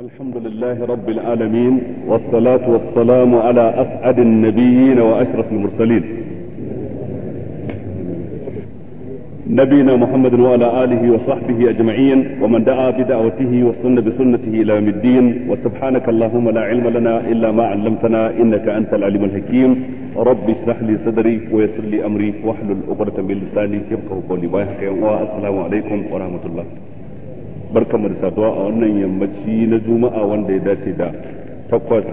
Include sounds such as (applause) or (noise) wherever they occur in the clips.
الحمد لله رب العالمين والصلاة والسلام على أسعد النبيين وأشرف المرسلين نبينا محمد وعلى آله وصحبه أجمعين ومن دعا بدعوته وصن بسنته إلى يوم الدين وسبحانك اللهم لا علم لنا إلا ما علمتنا إنك أنت العليم الحكيم رب اشرح لي صدري ويسر لي أمري واحلل عقدة من لساني يفقه قولي والسلام عليكم ورحمة الله barkamu da saduwa a wannan yammaci na juma'a wanda ya dace da takwas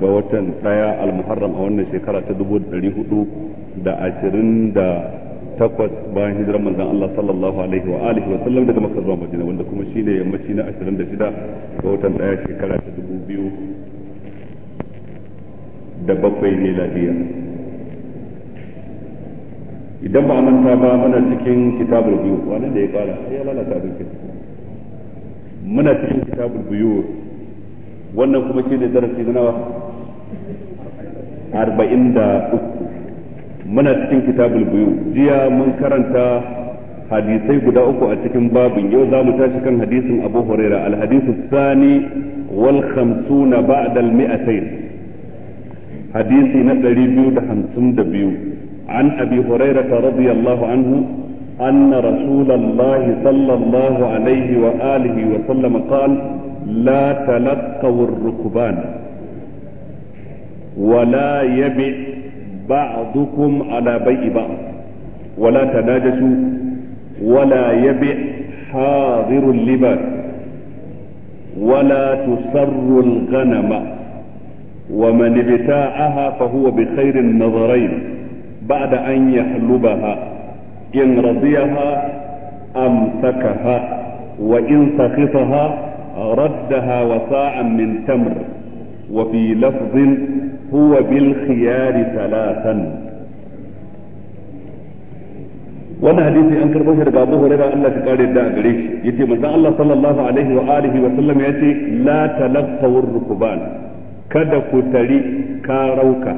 ga watan daya almuharram a wannan shekara ta dubu dari hudu da ashirin da takwas bayan hijirar manzan Allah sallallahu alaihi wa alihi wa sallam daga makar zuwa Madina wanda kuma shine yammaci na ashirin da shida ga watan daya shekara ta dubu biyu da bakwai ne lafiya idan ba a manta ba muna cikin kitabul biyu wani da ya kara ya lalata abin muna cikin kitabul buyur wannan kuma shine darasi na nawa 43 muna cikin kitabul buyur jiya mun karanta hadisai guda uku a cikin babin yau za mu tashi kan hadisin Abu Huraira alhadisu sani thani wal 50 ba'da al 200 hadisi na 252 an abi hurairah radiyallahu anhu أن رسول الله صلى الله عليه وآله وسلم قال لا تلقوا الركبان ولا يبع بعضكم على بيع بعض ولا تناجسوا ولا يبع حاضر اللباس ولا تسر الغنم ومن ابتاعها فهو بخير النظرين بعد أن يحلبها إن رضيها أمسكها وإن سخطها ردها وصاعا من تمر وفي لفظ هو بالخيار ثلاثا وانا حديثي انكر بوشر ابو هريره الله تقال يدعى قريش يتي الله صلى الله عليه واله وسلم يتي لا تلقوا الركبان كذا كتري كاروكا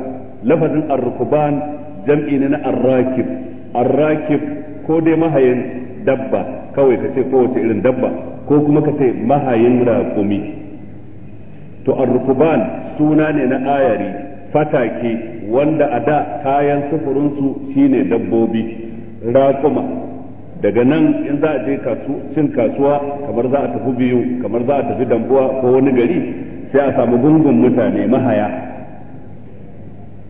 لفظ الركبان جمع الراكب arrakib ko dai mahayin dabba kawai ka ce kowace irin dabba ko kuma ka ce mahayin raƙumi to arrukuban suna ne na ayari fatake wanda a da kayan sufurinsu shine dabbobi raƙuma daga nan in za a je cin kasuwa kamar za a tafi biyu kamar za a tafi dambuwa ko wani gari sai a samu gungun mutane mahaya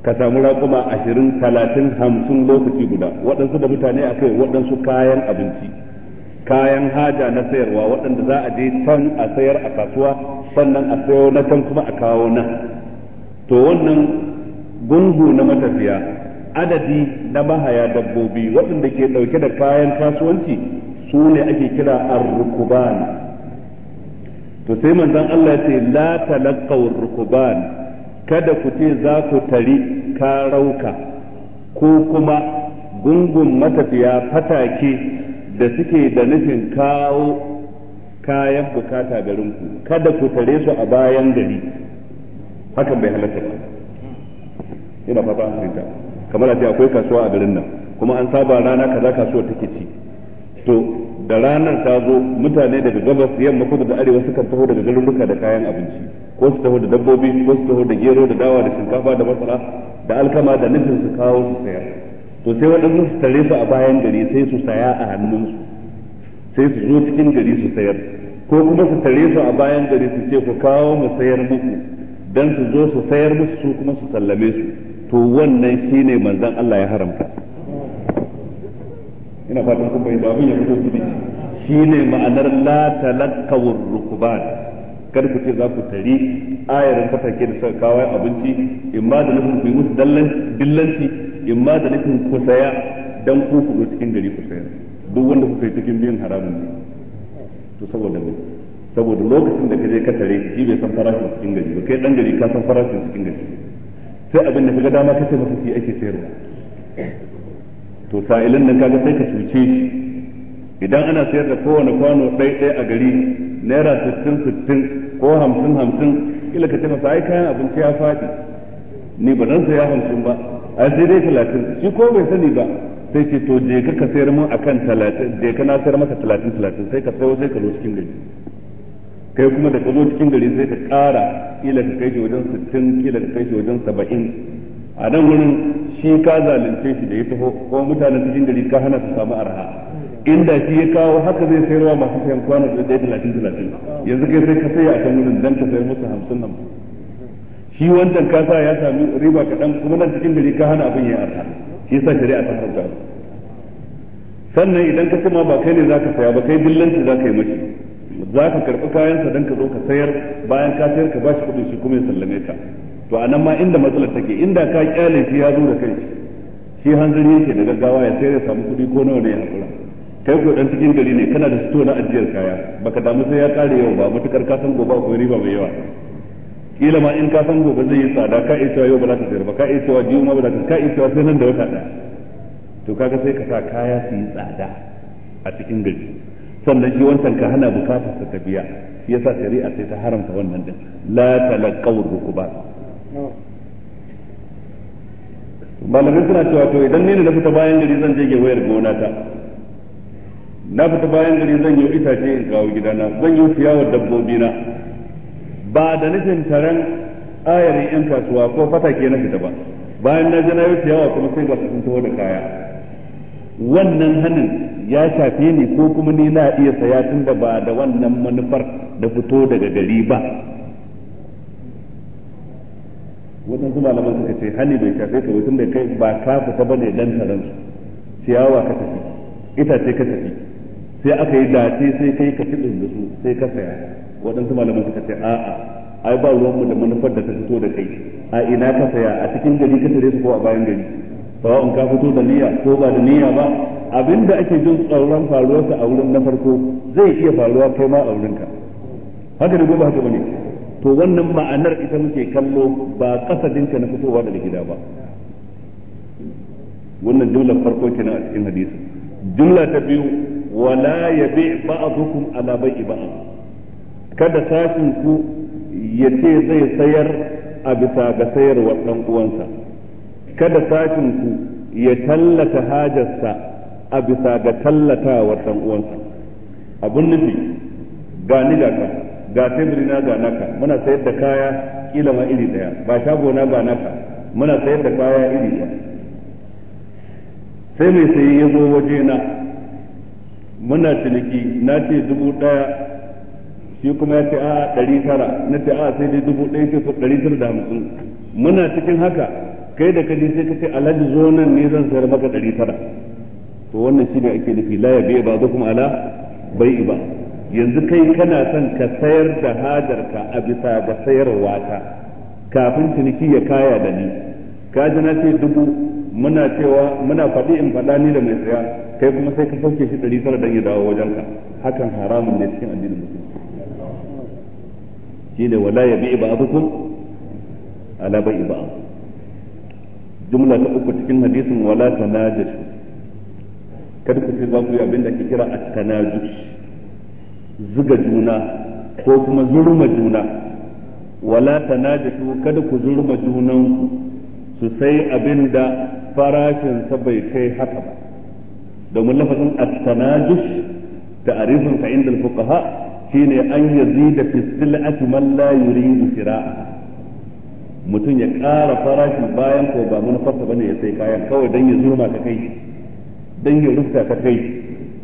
ka samu raƙuma ashirin talatin hamsin lokaci guda waɗansu da mutane a kai waɗansu kayan abinci kayan haja na sayarwa waɗanda za a je can a sayar a kasuwa sannan a sayo na can kuma a kawo na. to wannan gungu na matafiya adadi na mahaya dabbobi waɗanda ke ɗauke da kayan kasuwanci su ne ake kira arrukuban to sai manzon Allah ya ce la talaqaw arrukuban kada ku ce za ku tari karauka ko kuma gungun matafiya fatake da suke da nufin kawo kayan bukata garinku kada ku tare su a bayan gari hakan bai halatta ba ina fata an kamar a ce akwai kasuwa a garin nan kuma an saba rana kaza kasuwa take ci to da ranar ta zo mutane daga gabas yamma kudu da arewa suka taho daga garuruka da kayan abinci ko su taho da dabbobi ko su taho da gero da dawa da shinkafa da masara da alkama da nufin su kawo su saya to sai waɗansu su tare su a bayan gari sai su saya a hannunsu sai su zo cikin gari su sayar ko kuma su tare su a bayan gari su ce ku kawo mu sayar muku dan su zo su sayar musu su kuma su sallame su to wannan shine manzon Allah ya haramta ina fatan kun bayyana abin ya fito shi ne ma'anar la talakawur rukuban Kada ku ce za ku tari ayarin fatake da suka kawo abinci imma da nufin ku yi musu dillanci imma da nufin ku saya dan ku ku cikin gari ku saya duk wanda kuka yi cikin biyan haramun ne to saboda ne saboda lokacin da ka je ka tare shi bai san farashin cikin gari ba kai dan gari ka san farashin cikin gari sai abin da kaga dama ka ce masa shi ake sayarwa to sa'ilan nan kaga sai ka cuce shi idan ana sayar da kowane kwano ɗaya ɗaya a gari naira sittin sittin ko hamsin hamsin ila ka ce ai kayan abinci ya faɗi ni ba dan saya hamsin ba a sai dai talatin shi ko bai sani ba sai ce to je ka sayar mun akan talatin je ka na sayar maka talatin talatin sai ka sayo sai ka zo cikin gari kai kuma da ka zo cikin gari sai ka ƙara ila ka kai shi wajen sittin ila ka kai shi wajen saba'in a nan wurin shi ka zalunce shi da ya taho ko mutanen cikin gari ka hana su samu arha inda shi ya kawo haka zai sayarwa masu sayan kwano da ɗaya talatin talatin yanzu kai sai ka saya a kan wurin dan ka sayar musu hamsin nan shi wancan ka sa ya sami riba kaɗan kuma nan cikin gari ka hana abin ya arha shi yasa shari'a ta harka sannan idan ka kuma ba kai ne za ka saya ba kai dillanci za ka yi mashi za ka karɓi kayansa don ka zo ka sayar bayan ka sayar ka ba shi kuɗin shi kuma ya sallame ka to a nan ma inda matsalar take inda ka kyale shi ya zo da kai shi hanzari yake da gaggawa ya sayar ya samu kuɗi ko nawa ne ya haƙura kai ko dan cikin gari ne kana da sito na ajiyar kaya baka damu sai ya kare yau ba mutukar ka san gobe ko riba mai yawa kila ma in ka san gobe zai yi tsada ka iya cewa yau ba za ka sayar ba ka iya cewa ma ba za ka ka iya cewa sai nan da wata ɗaya to kaga sai ka sa kaya su yi tsada a cikin gari sannan shi wancan ka hana bukatar sa ta biya shi yasa shari'a sai ta haramta wannan din la talaqaw rukuba malamin suna cewa to idan ni ne na fita bayan gari zan je wayar gona ta na fita bayan gari zan yi itace in kawo gidana zan yi ciyawar dabbobi na ba da nufin taron ayarin yan kasuwa ko ke na fita ba bayan na je na yi siyawa kuma sai ba su sun taho da kaya wannan hannun ya shafe ni ko kuma ni na iya saya tun da ba da wannan manufar da fito daga gari ba waɗansu malaman suka ce hali bai shafe ka tun da kai ba ka fita bane dan taron ciyawa ka tafi itace ka tafi sai aka yi dace sai kai ka ci da su sai ka saya waɗansu malaman suka ce a'a ai ba ruwanmu da manufar da ta fito da kai a ina ka saya a cikin gari ka tare su ko a bayan gari ba in ka fito da niyya ko ba da niyya ba abinda ake jin tsoron faruwarsa a wurin na farko zai iya faruwa kai ma a wurin ka. haka da gobe haka bane to wannan ma'anar ita muke kallo ba kasadinka na fitowa daga gida ba wannan jumlar farko kenan a cikin hadisi jumla ta biyu wala yabi ba'dukum ala bai'i ba kada sashin ku ya ce zai sayar a bisa ga sayarwar ɗan uwansa kada sashin ku ya tallata hajarsa a bisa ga wa ɗan uwansa abun nufi ga ni ga ka ga teburi na ga naka muna sayar da kaya kila ma iri daya ba shago na ba naka muna sayar da kaya iri daya sai mai sayi ya zo waje na muna ciniki na ce dubu ɗaya shi kuma ya ce a ɗari tara na ce a sai dai dubu ɗaya ce ɗari tara da hamsin muna cikin haka kai da kaji sai ka ce alhaji zo nan ne zan sayar maka ɗari tara to wannan ne ake nufi la ya ba zo kuma ala bai ba yanzu kai kana son ka sayar da hajarka a bisa ga sayarwa ta kafin ciniki ya kaya da ni kaji na ce dubu muna cewa muna faɗi in faɗa ni da mai tsaya kai kuma sai ka sauke shi ɗari tara don ya dawo wajenka hakan haramun ne cikin addinin musulunci ne wala ya bi ba'dukum ala bai ba'd jumla ta uku cikin hadisin wala tanajus kada ku ce za ku yi abin da ke kira at-tanajus zuga juna ko kuma zurma juna wala shi kada ku zurma junanku su sai abin da farashin sa bai kai haka ba domin lafazin at-tanajush ta'rifin ka inda al-fuqaha shine an yazida fi sil'ati man la yuridu shira'a mutum ya ƙara farashi bayan ko ba ba bane ya sai kayan kawai dan ya zuma ka kai dan ya rufta ka kai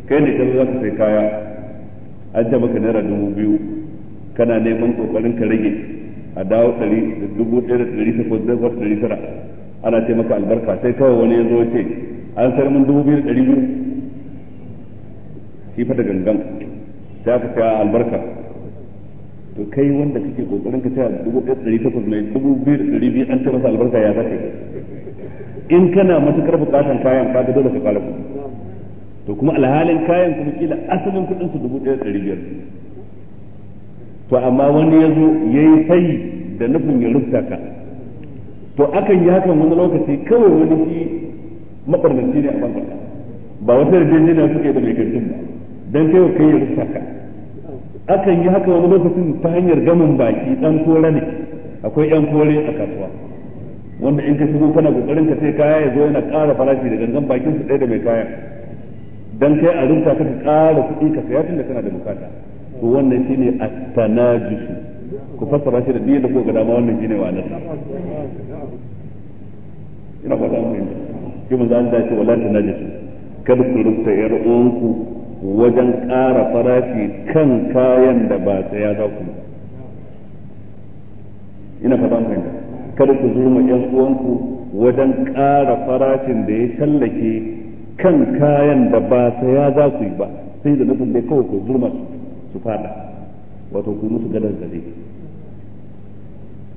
kai ne ka za ka sai kaya an ja maka naira dubu biyu kana neman kokarin ka rage a dawo dubu ɗaya da ɗari takwas da ɗari tara ana ce maka albarka sai kawai wani ya zo ce an sayar mun dubu biyu da ɗari biyu shi fa da gangan sai aka kawo albarka to kai wanda kake kokarin ka ce dubu ɗaya da ɗari takwas mai dubu biyu da ɗari biyu an ce masa albarka ya zaka in kana matukar buƙatar kayan ka ga dole ka fara kuɗi to kuma alhalin kayan kuma kila asalin kuɗin su dubu ɗaya da ɗari biyar to amma wani ya zo ya yi sai da nufin ya rufta ka to akan yi hakan wani lokaci kawai wani shi mabarnaci ne a bangar ba wata yarjejeniya suke da mai karfin ba don kai kai ya rusa ka akan yi haka wani lokacin ta hanyar gamin baki dan kore ne akwai yan kore a kasuwa wanda in ka shigo kana kokarin ka sai kaya ya zo yana ƙara farashi da gangan bakin su ɗaya da mai kaya dan kai a rusa ka ƙara kuɗi ka saya tunda kana da bukata to wannan shine at-tanajus ku fassara shi da diyar da kuka dama wannan shine wa nan ina fata mu yi shi zan Allah ya ce wala tanajisu kar ku rubuta yar uwanku wajen ƙara farashi kan kayan da ba tsaya za ku ina fata mu yi kar ku zurma yan uwanku wajen ƙara farashin da ya shallake kan kayan da ba ya za ku yi ba sai da nufin dai kawai ku zurma su fada wato ku musu gadar gare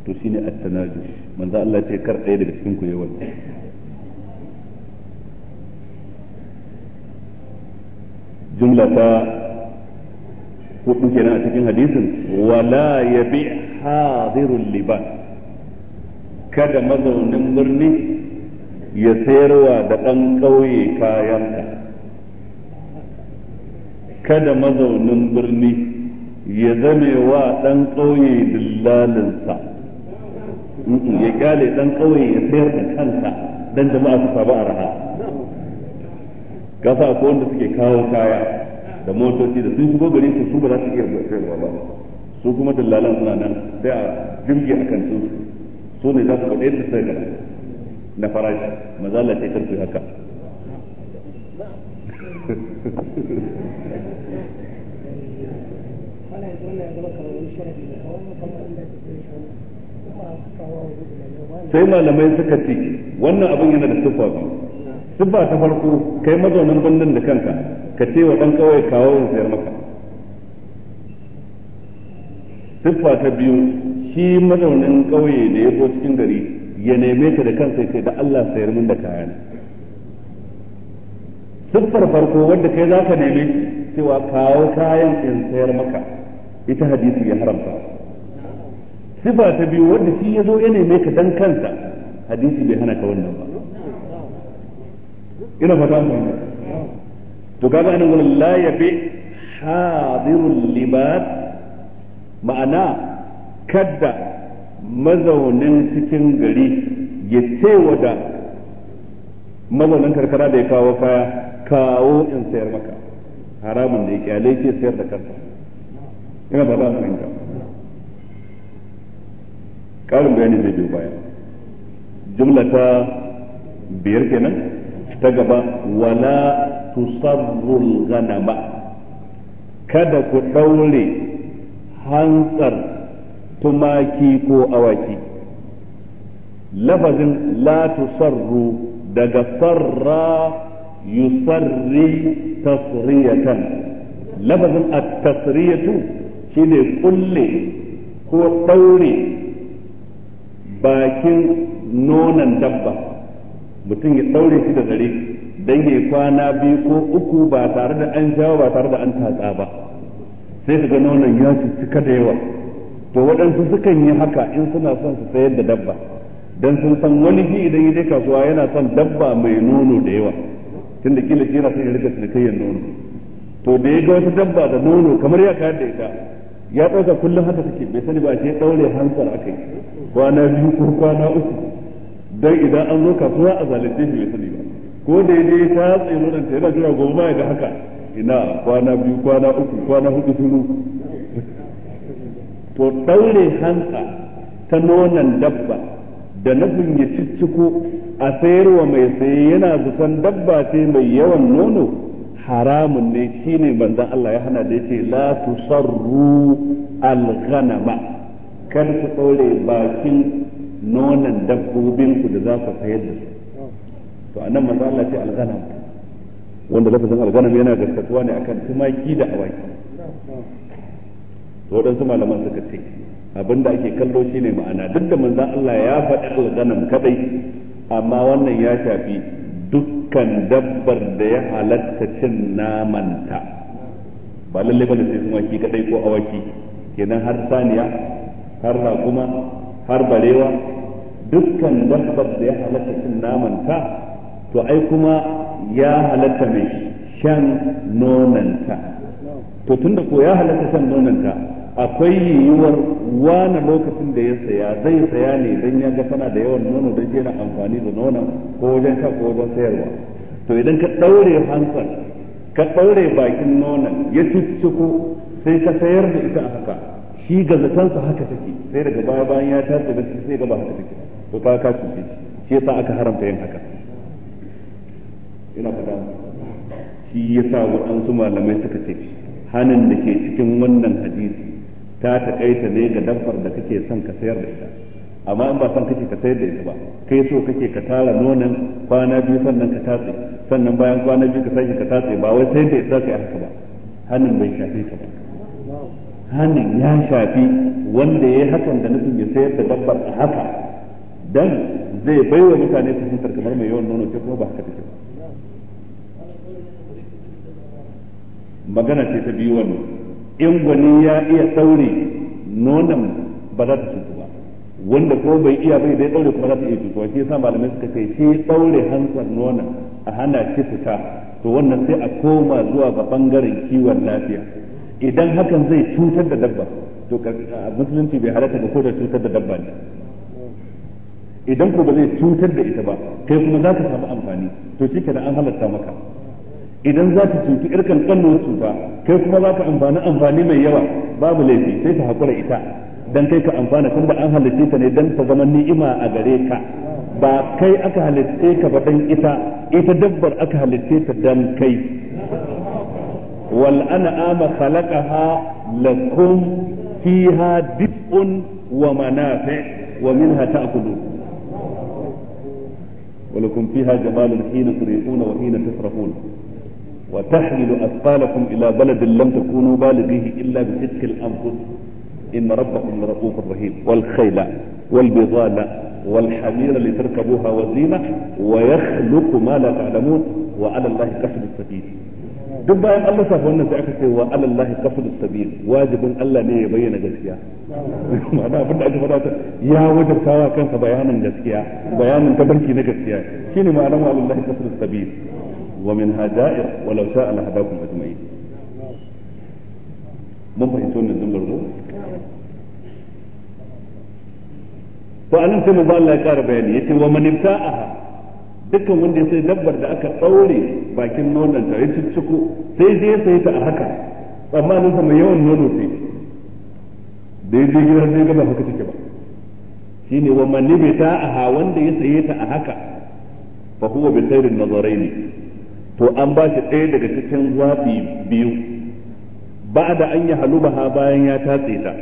to shine at-tanajush manzo Allah ce kar ɗaya daga cikin ku yawan jumla ta hudu kenan a cikin hadisin wala ya yabi hadirul liban kada mazaunin birni ya sayarwa da ɗan ƙauye kayanka kada mazaunin birni ya zame wa ɗan ƙauye dillalinsa ya kyale ɗan ƙauye ya sayar da kansa dan jama'a su saba arha kasa ko wanda suke kawo kaya da motoci da sun shigo gari su su ba za su iya sayarwa ba su kuma dillalan suna nan sai a jirgi a kan su su ne za su faɗe da sai na farashi mazala ce karfi haka (laughs) ana yanzu wannan ya zama kamar wani sharadi ne wannan kamar shanu kuma kawo sai malamai suka ce wannan abin yana da siffa biyu siffa ta farko kai mazaunin birnin da kanka ka ce wa ɗan kawai kawo ya sayar maka siffa ta biyu shi mazaunin ƙauye da ya zo cikin gari ya neme ka da kansa sai da Allah sayar min da kayan siffar farko wadda kai za ka neme cewa kawo kayan in sayar maka ita hadisi ya haramta sifa ta biyu wanda shi ya zo ya neme ka dan kansa hadisi bai hana ka wannan ba ina fata mu to kaga anan wala la yabi hadirul libat ma'ana kadda mazaunin cikin gari ya cewa da mazaunin karkara da ya kawo kaya kawo in sayar maka haramun da ya kyale ce sayar da kansa yana ba za fahimta ƙarin bayani zai biyo baya jumla ta biyar kenan ta gaba wala tusarrul ganama kada ku ɗaure hantsar tumaki ko awaki lafazin la tusarru daga sarra yusarri tasriyatan lafazin a tasriyatu ne kulle ko ɗaure bakin nonon dabba mutum ya ɗaure shi da zare don ya kwana biyu ko uku ba tare da an jawo ba tare da an tatsa ba sai ka ga nonon ya cika da yawa to waɗansu sukan yi haka in suna son su sayar da dabba don sun san wani shi idan ya je kasuwa yana son dabba mai nono da yawa tunda kila shi yana son ya rika cinikayyar nono to da ya ga wata dabba da nono kamar ya kayar da ita ya ɗauka kullum haka take bai sani ba a ce ɗaure hantar aka yi kwana biyu ko kwana uku don idan an zo kasuwa a zalunce shi bai sani ba ko da dai ta tsaye nan ta yana jira gobe ma ga haka ina kwana biyu kwana uku kwana hudu shiru to ɗaure hanta ta nonon dabba da nufin ya cicciko a sayarwa mai saye yana zukan dabba ce mai yawan nono haramun ne shine banzan Allah ya hana da yace la tusarru al-ghanama kar ku dore bakin nonan dabbobin ku da za ku sayar da su to anan manzo Allah ce al-ghanam wanda lafazin al-ghanam yana da katuwa ne akan tumaki da awaki su malaman suka ce abinda ake kallo shine ma'ana duk da manzon Allah ya faɗi al-ghanam kadai amma wannan ya shafi dukkan dabbar da ya halatta cin namanta ba lalle ba da sai sun waki kadai ko awaki kenan har saniya har raƙuma har barewa dukkan dabbar da ya halatta cin namanta to ai kuma ya halatta mai shan nonanta to tunda ko ya halatta shan nonanta akwai yiwuwar wani lokacin da ya saya zai saya ne don ya ga tana da yawan nono don shi yana amfani da nono ko wajen sha ko wajen sayarwa to idan ka ɗaure hansar ka ɗaure bakin nonon ya cicciko sai ka sayar da ita a haka shi ga zatansa haka take sai daga baya bayan ya tace da shi sai gaba haka take to ka ka cuce shi yasa aka haramta yin haka ina fada shi yasa waɗansu malamai suka ce hanin da ke cikin wannan hadisi ta takaita ne ga dabbar da kake son ka sayar da ita amma in ba son kake ka sayar da ita ba kai so kake ka tara nonon kwana biyu sannan ka tatse sannan bayan kwana biyu ka sake ka tatse ba wai sayar da ita kai haka ba hannun bai shafe ka ba hannun ya shafi wanda ya hakan da nufin ya sayar da dabbar a haka dan zai baiwa mutane fitar kamar mai yawan nono ce kuma ba haka take ba magana ce ta biyu wannan in gwani ya iya daure nonon ba za ta cutu ba wanda ko bai iya bai dai daure kuma za ta iya cutuwa shi yasa malamai suka kai shi daure hantar nonon a hana shi fita to wannan sai a koma zuwa ga bangaren kiwon lafiya idan hakan zai cutar da dabba to musulunci bai halatta ga kodar cutar da dabba ne idan ko ba zai cutar da ita ba kai kuma za ka samu amfani to shi kenan an halatta maka idan za ta cutu ir kankanin cuta kai kuma za ka amfani amfani mai yawa babu laifi sai ta haƙura ita dan kai ka amfana tun ba an halitta ta ne dan ta zama ni'ima a gare ka ba kai aka halitta ka ba dan ita ita dabbar aka halitta ta dan kai wal an'ama khalaqaha lakum fiha dif'un wa manafi' wa minha ta'kulun ولكم فيها جمال حين تريحون وحين تسرحون وتحمل أثقالكم إلى بلد لم تكونوا بالغيه إلا بصدق الأنفس إن ربكم لرؤوف رحيم والخيل والبغال والحمير لتركبوها وزينة ويخلق ما لا تعلمون وعلى الله قصد السبيل duk bayan an lissafa wannan sai aka ce wa alallahi kafil sabil wajibin Allah ne ya bayyana gaskiya ma'ana abin da aka faɗa ta ya wajabta wa kansa bayanin gaskiya bayanin tabarki na gaskiya shine ma'anar wa alallahi kafil sabil ومنها دائر ولو شاء لهداكم أجمعين mun fahimci wannan jumlar mu to anan sai manzo Allah ya ƙara bayani yace wa man ibta'aha dukkan wanda ya sai dabbar da aka ɗaure bakin nonon ta ya cicciko sai dai ya sai ta a haka tsammanin sa mai yawan nono sai dai ya je gidan sai ga ba haka take ba shine wa a ha? wanda ya saye ta a haka fa huwa bi nazarai ne. to an ba shi ɗaya daga cikin zafi biyu ba da an yi halubaha bayan ya tatse ta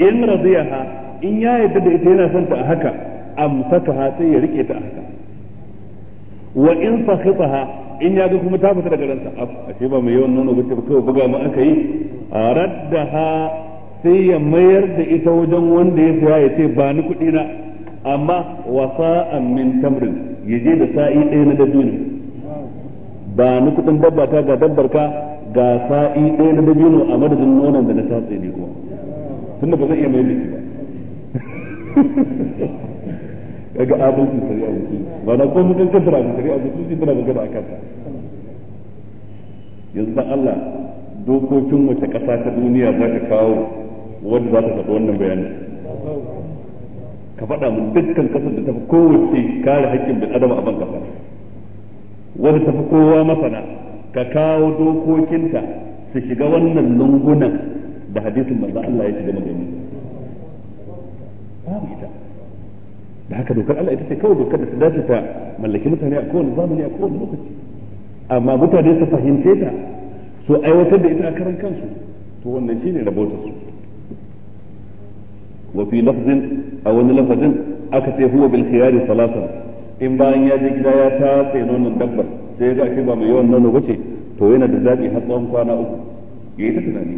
in ha in ya yarda da ita yana son ta a haka ha sai ya rike ta a haka wa in sakhitaha in ya ga kuma ta fita daga ransa ce ba mai yawan nuna bace ba kawai buga mu aka yi raddaha sai ya mayar da ita wajen wanda ya saya ya ce ba ni kuɗi na amma wasa'an min tamrin yaje da sa'i ɗaya na dabino ba ni kudin dabba ta ga dabbar ka ga sa'i ɗaya na dabino a madadin nonon da na tatse ne kuma tunda ba zan iya mai biki ba (laughs) kaga adalci shari'a mutum ba na ko mutum kan tara shari'a mutum shi tana magana a kansa yanzu dan Allah dokokin wata ƙasa ta duniya za ka kawo wanda za ta faɗi wannan bayanin ka faɗa mu dukkan ƙasar da ta fi kowace kare haƙƙin bin adama a ban ƙasa wadda tafi kowa masana ka kawo dokokinta su shiga wannan lungunan da hadisin manzo Allah ya shiga magani babu ita da haka dokar Allah ita ce kawai dokar da ta dace ta mallaki mutane a kowane zamani a kowane lokaci amma mutane su fahimce ta su aiwatar da ita a karan kansu to wannan shine rabota su wa fi lafzin a wani lafazin aka ce huwa bil khiyari salatan in bayan ya je gida ya sai nonon dabbar sai ga shi ba mai yawan nono bace to yana da zabi har tsawon kwana uku yayi ta tunani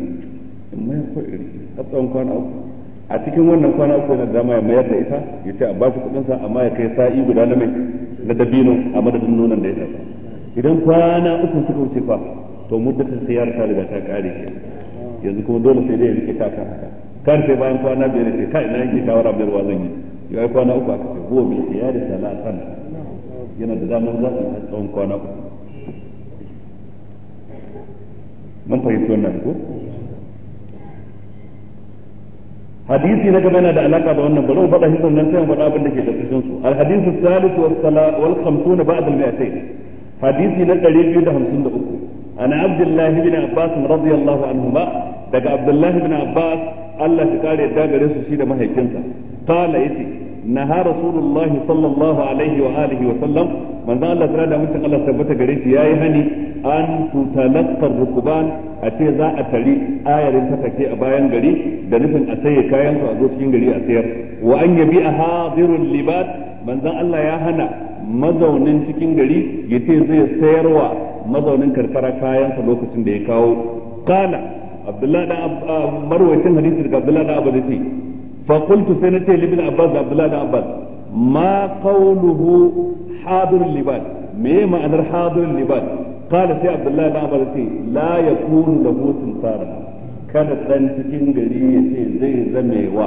in mai ko iri har tsawon kwana uku a cikin wannan kwana uku yana da ya mayar da ita ya ce a ba shi kudin sa amma ya kai sa'i guda na mai na dabino a madadin nonon da ya tafi idan kwana uku suka wuce fa to muddatin sai ya rasa daga ta kare yanzu kuma dole sai dai ya rike ta kan haka kar sai bayan kwana biyar ne sai kai na yanke shawara biyar wa zan yi ya yi kwana uku aka ce huwa bil khiyari salatan yana da damar za su yi tsawon kwana uku mun fahimci wannan ko hadisi na gaba yana da alaka da wannan bari faɗa shi sannan sai faɗa abin da ke tafsirin su al hadisu salisu was sala wal khamsuna ba'da al mi'atayn hadisi na 253 ana abdullah ibn abbas radiyallahu anhuma daga abdullah ibn abbas Allah ya kare da gare su shi da mahaifinsa qala yace naha rasulullah sallallahu alaihi wa alihi wa sallam manzo Allah tsara da mutum Allah tabbata gare shi yayi hani an tutalaqqa rukuban a ce za a tari ayarin take a bayan gari da nufin a saye kayan su a zo cikin gari a sayar wa an bi a hadirul libat manzon Allah ya hana mazaunin cikin gari ya ce zai sayarwa mazaunin karkara kayan sa lokacin da ya kawo kana abdullahi da ah, marwayacin hadisi daga abdullahi abu da fa qultu sai na ce libin abbas da abdullahi abbas ma qawluhu hadirul liban me ma'anar hadirul liban qala sai abdullahi da abbas ce la yakunu lahu sultana kada dan cikin gari ya ce zai zamewa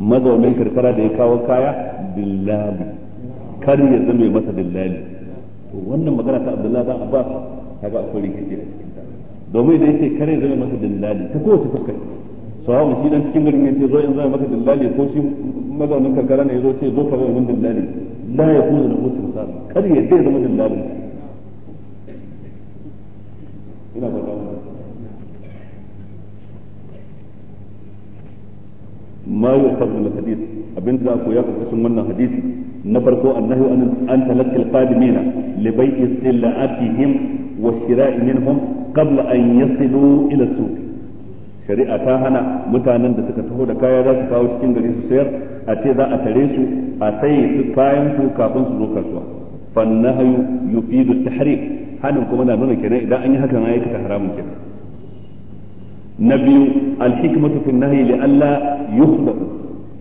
mazaunin karkara da ya kawo kaya dillali kar ya masa dillali wannan magana ta abdullahi da abbas kaga akwai rikici a cikin ta domin da yake kare zame masa dillali ta kowace fuskar sawa shi dan cikin garin yace zo in zai maka dillali ko shi mazaunin karkara ne yazo ce zo ka zama dillali la ya kuma da mutum sa kar ya dai zama dillali ina ba da ma yu'khadhu min al-hadith abinda za ku ya karkashin wannan hadisi na farko annahu an an talakka al-qadimina li bai'i sillatihim wa shira'i minhum qabla an yasilu ila shari'a ta hana mutanen da suka taho da kaya za su kawo cikin gari su sayar a ce za a tare su a saye su kayan su kafin su zo kasuwa fannahayu yufidu tahrim hanin kuma na nuna kenan idan an yi hakan ayi ta haramun kenan na biyu alhikmatu fi nahyi li alla yukhda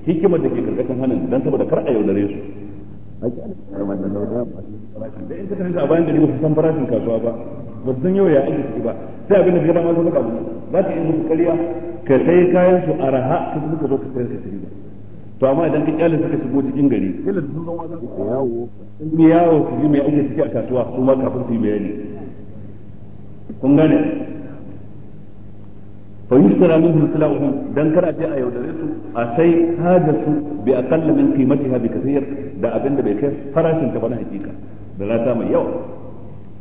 hikimar da ke karkashin hanin dan saboda kar a yaudare su da in ka tare a bayan gari ba san farashin kasuwa ba ba san yau ya aiki ciki ba sai abin da kaga ma suka musu za ka yi musu ka sai kayan su araha ka ka zo ka sayar ka sayar to amma idan ka kyale suka shigo cikin gari kila sun zama da yawo sun yawo su ji mai ake ciki a kasuwa su ma kafin su yi bayani kun gane fa yushtara minhum silahum dan kar a je a yaudare su a sai hajar su bi aqall min qimatiha bi kathir da abin da bai kai farashin ta bana hakika da rata mai yawa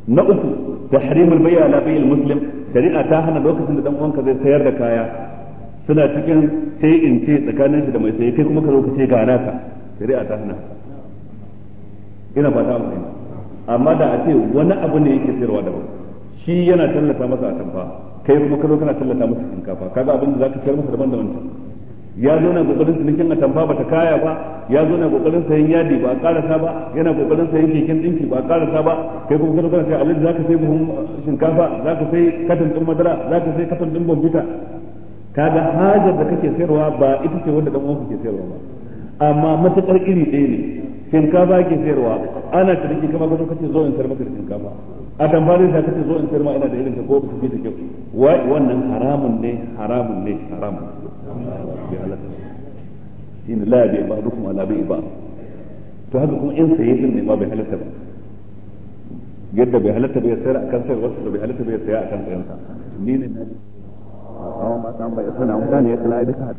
na uku tahrimul bay'a la bay'il muslim shari'a ta hana lokacin da dan uwanka zai sayar da kaya suna cikin sai in ce tsakanin shi da mai saye kai kuma ka zo ka ce ga naka shari'a ta hana ina fata mu fahimta amma da a ce wani abu ne yake sayarwa daban shi yana tallata masa a atamfa kai kuma ka zo kana tallata masa shinkafa kaga abin da zaka sayar masa daban da wancan ya zo na kokarin cinikin atamfa bata kaya ba ya zo na kokarin sayan yadi ba karasa ba yana kokarin yin kekin dinki ba karasa ba kai kuma kana kana sai alin zaka sai buhun shinkafa zaka sai katon din madara zaka sai katon din bombita kaga hajar da kake sayarwa ba ita ce wanda dan uwanka ke sayarwa ba amma matakar iri ɗaya ne shinkafa ke sayarwa ana ciniki kama ka zo kace zo in sayar maka shinkafa a tambarin da kace zo in sayar ma ina da irin ta ko ba ta kyau wai wannan haramun ne haramun ne haramun ne shine la bi ba'dukum ala bi ba'd to haka kuma in saye din ne ma bai halatta ba yadda bai halatta bai sayar akan sayar wasu da bai halatta bai saya akan sayar sa ni ne na amma ma san bai sana mutane ya tsala duka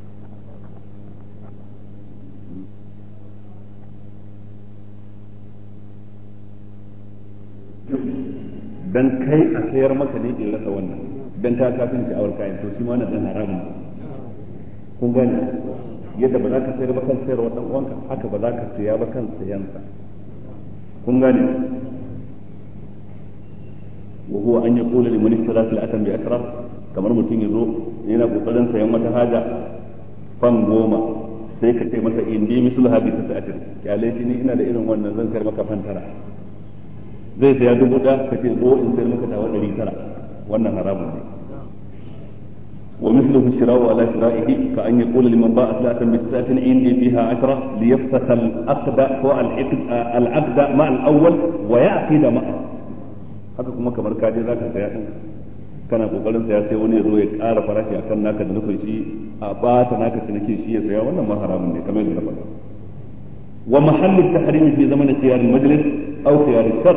dan kai a sayar maka ne in rasa wannan dan ta kafin sha'awar kayan to shi ma na dan haramun kun gane yadda ba za ka sayar ba kan sayar wa uwanka haka ba za ka saya ba kan sayansa kun gane wa huwa an yaqulu liman ishtara fil atam bi akra kamar mutum ya zo yana kokarin sayan wata haja fan goma sai ka ce masa indi misul habi ta ta'atir kyale shi ne ina da irin wannan zan sayar maka fan tara zai saya dubu da ka ce zo in sayar maka tawa ɗari tara wannan haramun ne ومثله شراء على شرائه كأن يقول لمن باع سلعة بتسعة عندي فيها عشرة ليفسخ العقد هو العقد مع الأول ويعقد معه haka kuma kamar ka je zaka saya kana kokarin saya sai wani ya zo ya ƙara farashi akan naka da nufin shi a bata naka ciniki shi ya saya wannan ma haramun ne kamar yadda na faɗa wa mahallu tahrim fi zaman khiyar majlis aw khiyar shar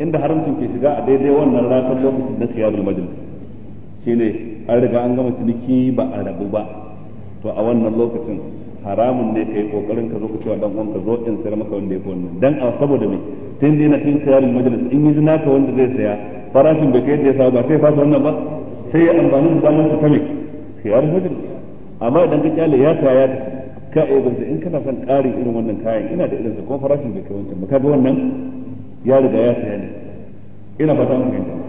inda haramcin ke shiga a daidai wannan ratar lokacin da khiyar majlis shine an riga an gama ciniki ba a rabu ba to a wannan lokacin haramun ne kai kokarin ka zo ka cewa dan uwanka zo in sayar maka wanda fi wannan dan a saboda me tun na yana cikin sayarin majalis in yi ka wanda zai saya farashin bai kai yadda ya sa ba sai fasa wannan ba sai ya amfani da damar ta me sayarin majalis amma idan ka kyale ya saya ka a yanzu in kana son ƙarin irin wannan kayan ina da irin sa kuma farashin bai kai wancan ba bi wannan ya riga ya saya ne ina fata mun fahimta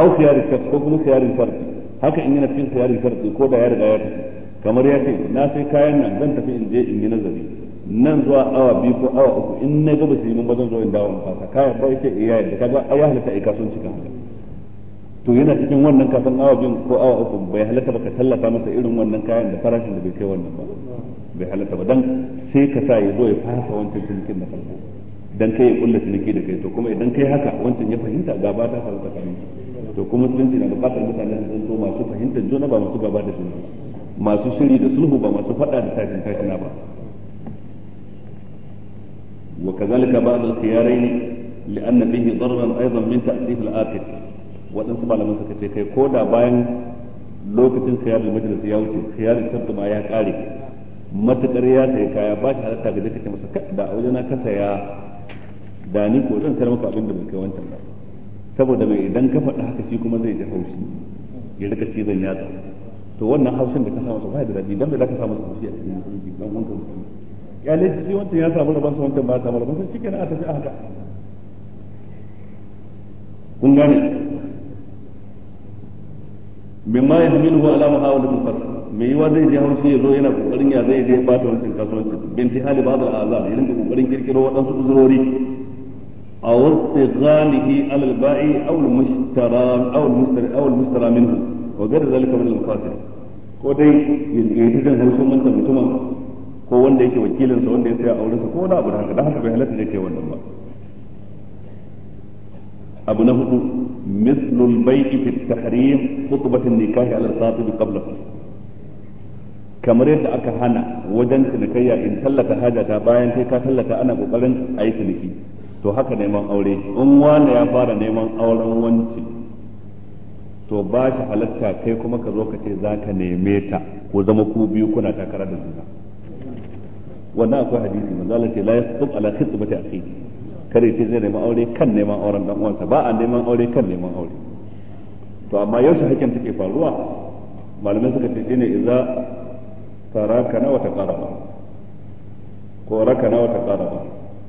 أو khiyar shart ko kuma khiyar shart haka in yana cikin khiyar shart ko da ya riga ya tafi kamar ya ce na sai kayan nan zan tafi in je in yi nazari nan zuwa awa biyu ko awa uku in na gaba su yi mun ba zan zo fasa ba iya yadda kasuwanci haka to yana cikin wannan kasan awa biyu ko awa uku bai halatta ba ka tallata masa irin wannan kayan da farashin da bai kai wannan ba bai halatta ba dan sai ka sa ya zo ya fasa wancan cinikin na farko dan kai ya kulla ciniki da kai to kuma idan kai haka wancan ya fahimta gaba ta faru tsakanin to kuma musulunci na bukatar mutane su zanto masu fahimtar juna ba masu gaba da juna masu shiri da sulhu ba masu fada da tashin tashina ba wa kazalika ba'd al-khiyarain li'anna bihi darran aidan min ta'sif al-aqil wadansu malaman suka ce kai koda bayan lokacin khiyar al ya wuce khiyar al ma ya kare matakar ya sai kaya ba shi halatta ga dukkan masa da a wajen ka saya da ni ko zan kar maka abin da bai kai wancan ba saboda mai idan ka faɗi haka shi kuma zai ji haushi ya rika ci zan yatsa to wannan haushin da ka samu su bai da daɗi dan da ka samu su haushi a cikin musulunci dan wanka musulunci ya laifi shi wancan ya samu rabon sa wancan ba ya samu rabon sa shi kenan a tafi a haka kun gane ma ya hamilu wa alama hawa da kufar mai yiwa zai je haushi ya zo yana kokarin ya zai je bata wancan kasuwanci binti hali ba da azab ya rinka kokarin kirkiro waɗansu uzurori أو استغلاله على البائع أو المشترى أو المشترى أو المشترى منه وغير ذلك من ko dai ya ji jin haushin manta mutumin ko wanda yake wakilinsa wanda ya saya a wurinsa ko wani abu da haka da haka bai halatta da ke wannan ba abu na hudu mislul bai'i fi tahrim khutbatin nikahi ala al kamar yadda aka hana wajen cinikayya in tallata hajata bayan sai ka tallata ana kokarin a yi to haka neman aure in wani ya fara neman auren wancin to ba shi halatta kai kuma ka zo ka ce za ka neme ta ko zama ku biyu kuna takara da juna wannan akwai hadisi manzo Allah ce la yasqut ala khitbati akhi kare ce zai neman aure kan neman auren dan uwansa ba a neman aure kan neman aure to amma yaushe hakan take faruwa malamai suka ce shine idza taraka na wa taqaraba ko raka na wa taqaraba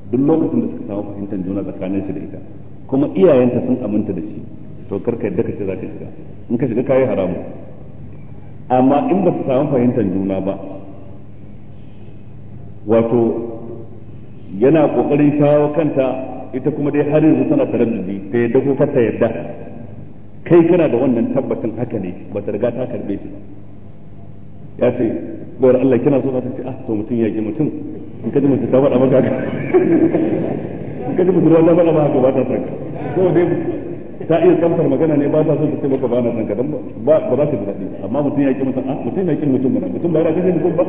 duk lokacin da suka samu fahimtar juna tsakanin shi da ita kuma iyayenta sun aminta da shi to karka yadda ka ce za ka shiga in ka shiga kayi haramu amma in ba su samu fahimtar juna ba wato yana kokarin shawo kanta ita kuma dai har yanzu tana taraddudi ta yadda ko ta yadda kai kana da wannan tabbacin haka ne ba ta riga ta karbe shi ba ya ce bayar Allah kina so za ta ce ah to mutum ya mutum in ka ji mace ta faɗa maka haka in ka ji mace ta faɗa maka haka ba ta san ko dai ta iya kamfar magana ne ba ta so ta ce maka ba na san ka dan ba ba za ta ji daɗi amma mutum ya ki mutum a mutum ya ki mutum ba mutum ba ya kashe mutum ba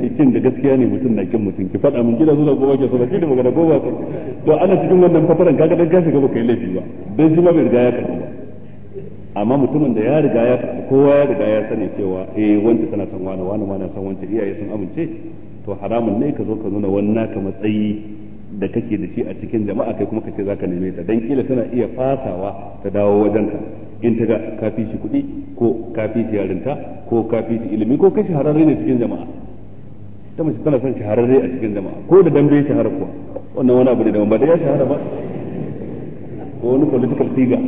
ikin da gaskiya ne mutum na kin mutum ki faɗa mun gida zuwa gobe ke so ba ki da magana ko to ana cikin wannan fafaran kaga dan ka gaba kai laifi ba dan shi ma bai riga ya kaɗu ba amma mutumin da ya riga ya kowa ya riga ya sani cewa eh wanda tana san wani wani ma na san wanda iyaye sun amince to haramun ne ka zo ka nuna wannan ka matsayi da kake da shi a cikin jama'a kai kuma kace zaka neme ta dan kila tana iya fasawa ta dawo wajenka in ta ga ka fi shi kuɗi ko ka fi shi yarinta ko ka fi shi ilimi ko kai shahararre ne cikin jama'a ta mace tana son shahararre a cikin jama'a ko da dambe ya shahara kuwa wannan wani abu ne da ba da ya shahara ba ko wani political figure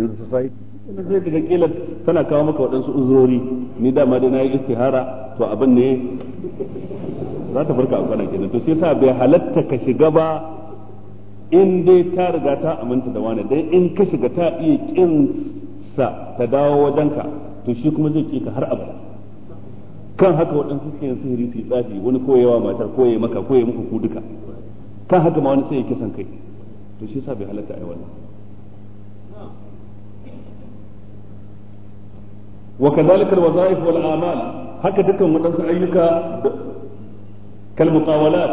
in society sai daga kila tana kawo maka waɗansu uzurori ni dama dai na yi istihara to abin ne za ta farka a kwana kenan to sai sa bai halatta ka shiga ba in dai ta riga ta aminta da wani dai in ka shiga ta iya kin sa ta dawo wajen ka to shi kuma zai ki ka har abada kan haka waɗansu suke yin sihiri su tsafi wani koyewa matar koye maka koye muku ku duka kan haka ma wani sai ya kisan kai to shi sa bai halatta a yi wannan wa kadhalika al-wazaif wal a'mal haka dukkan wadansu ayyuka kal mutawalat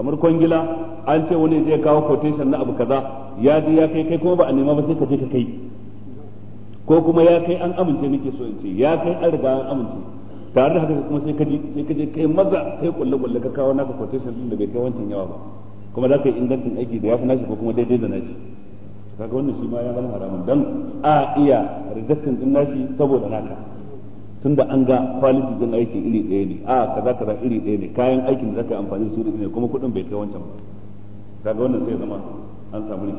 kamar kwangila an ce wani zai kawo quotation na abu kaza ya je ya kai kai kuma ba a nema ba sai ka je ka kai ko kuma ya kai an amince nake so in ce ya kai an riga an amince tare da haka kuma sai ka je sai ka je kai maza kai kulle kulle ka kawo naka quotation din da bai kai wancan yawa ba kuma za ka yi ingancin aiki da yafi nashi ko kuma daidai da nashi kaga wannan shi ma ya zama haramun dan a iya rejectin din nashi saboda naka tunda an ga quality din aikin iri ɗaya ne a kaza kaza iri ɗaya ne kayan aikin da zaka yi amfani da su ne kuma kuɗin bai kai wancan ba kaga wannan sai zama an samu ne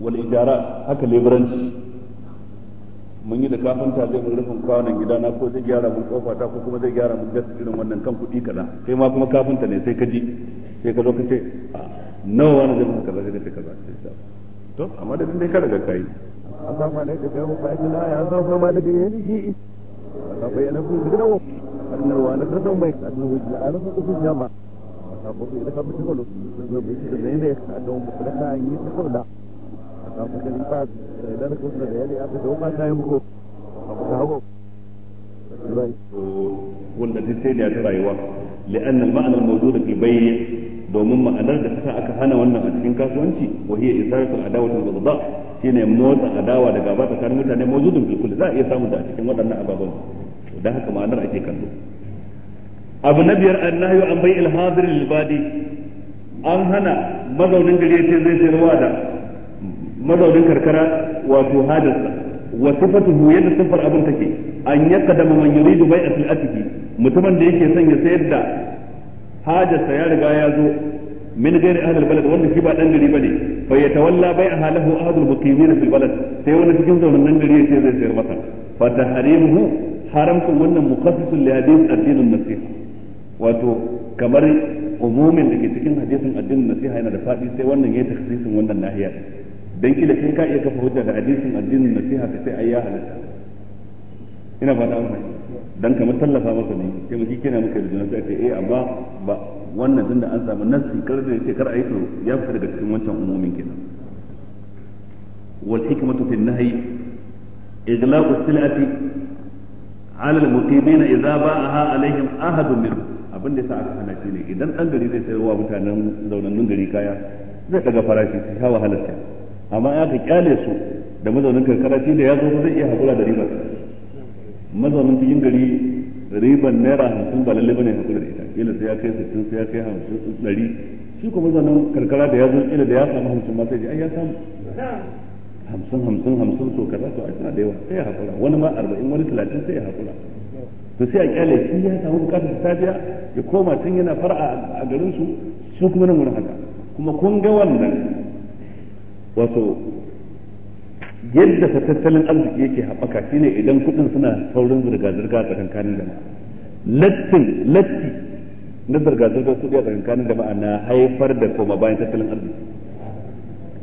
wal ijara haka leburanci mun yi da kafinta zai mun rufin kwanan gida na ko zai gyara mun kofa ta ko kuma zai gyara mun gas irin wannan kan kuɗi kaza kai ma kuma kafinta ne sai ka ji sai ka zo ka ce nawa wani zai mun kaza zai ka kaza sai to amma da dai kada da mu fa'in la dai yi Allah a rufe su jama a rayuwa lian al ma'na al domin ma'anar da ta aka hana wannan a cikin kasuwanci wa hiya isaratul wal baghdha shine motsa adawa da gaba tsakanin mutane mawjudun fil kulli za a iya samun ta a cikin waɗannan ababen to dan haka ma'anar ake kallo abu na biyar annahyu an bai al-hadir lil badi an hana mazaunin gari yace zai sayarwa da mazaunin karkara wato hadarsa wa sifatuhu yadda sifar abin take an yakadama man yuridu bai'a fil atiki mutumin da yake son ya sayar da hajarsa ya riga ya zo min gairi ahlul balad wanda shi ba dan gari bane fa bai bai'aha lahu ahlul muqimin fil balad sai wani cikin nan gari yace zai sayar masa fa tahrimuhu haramta wannan mukhassisun li hadith addinin nasiha wato kamar umumin da ke cikin hadisin addinin nasiha yana da fadi sai wannan yayi takhsisin wannan nahiyar dan kila kai ka iya kafa hujja da hadisin addinin nasiha ka sai ai ya ina fata an fahimta dan kamar tallafa masa ne sai mu kike na muka rijina sai ce eh amma ba wannan da an samu nassi kar da yace kar ayi ya fita daga cikin wancan umumin kenan wal hikmatu fi nahyi iglaqu silati ala al muqimin idza ba'aha alaihim ahad min abin da yasa aka hana shi ne idan dan gari zai sayarwa mutanen zaunannun gari kaya zai daga farashi su sha wahalar amma aka kyale su da mazaunin karkara shi da ya zo zai iya hakura da riba mazaunin cikin gari riban naira hamsin ba lalle bane hakuri da ita kila sai ya kai sittin sai ya kai hamsin ɗari shi kuma mazaunin karkara da ya zo kila da ya samu hamsin ma sai ji ai ya samu hamsin hamsin hamsin so kaza to ai suna da yawa sai ya hakura wani ma arba'in wani talatin sai ya hakura to sai a kyale shi ya samu bukatar safiya ya koma tun yana fara a garin su su kuma nan wurin haka kuma kun ga wannan wato yadda ta tattalin arziki yake haɓaka shine idan kuɗin suna saurin zirga-zirga tsakankanin jama'a lattin latti na zirga-zirga kuɗi a tsakankanin jama'a na haifar da koma bayan tattalin arziki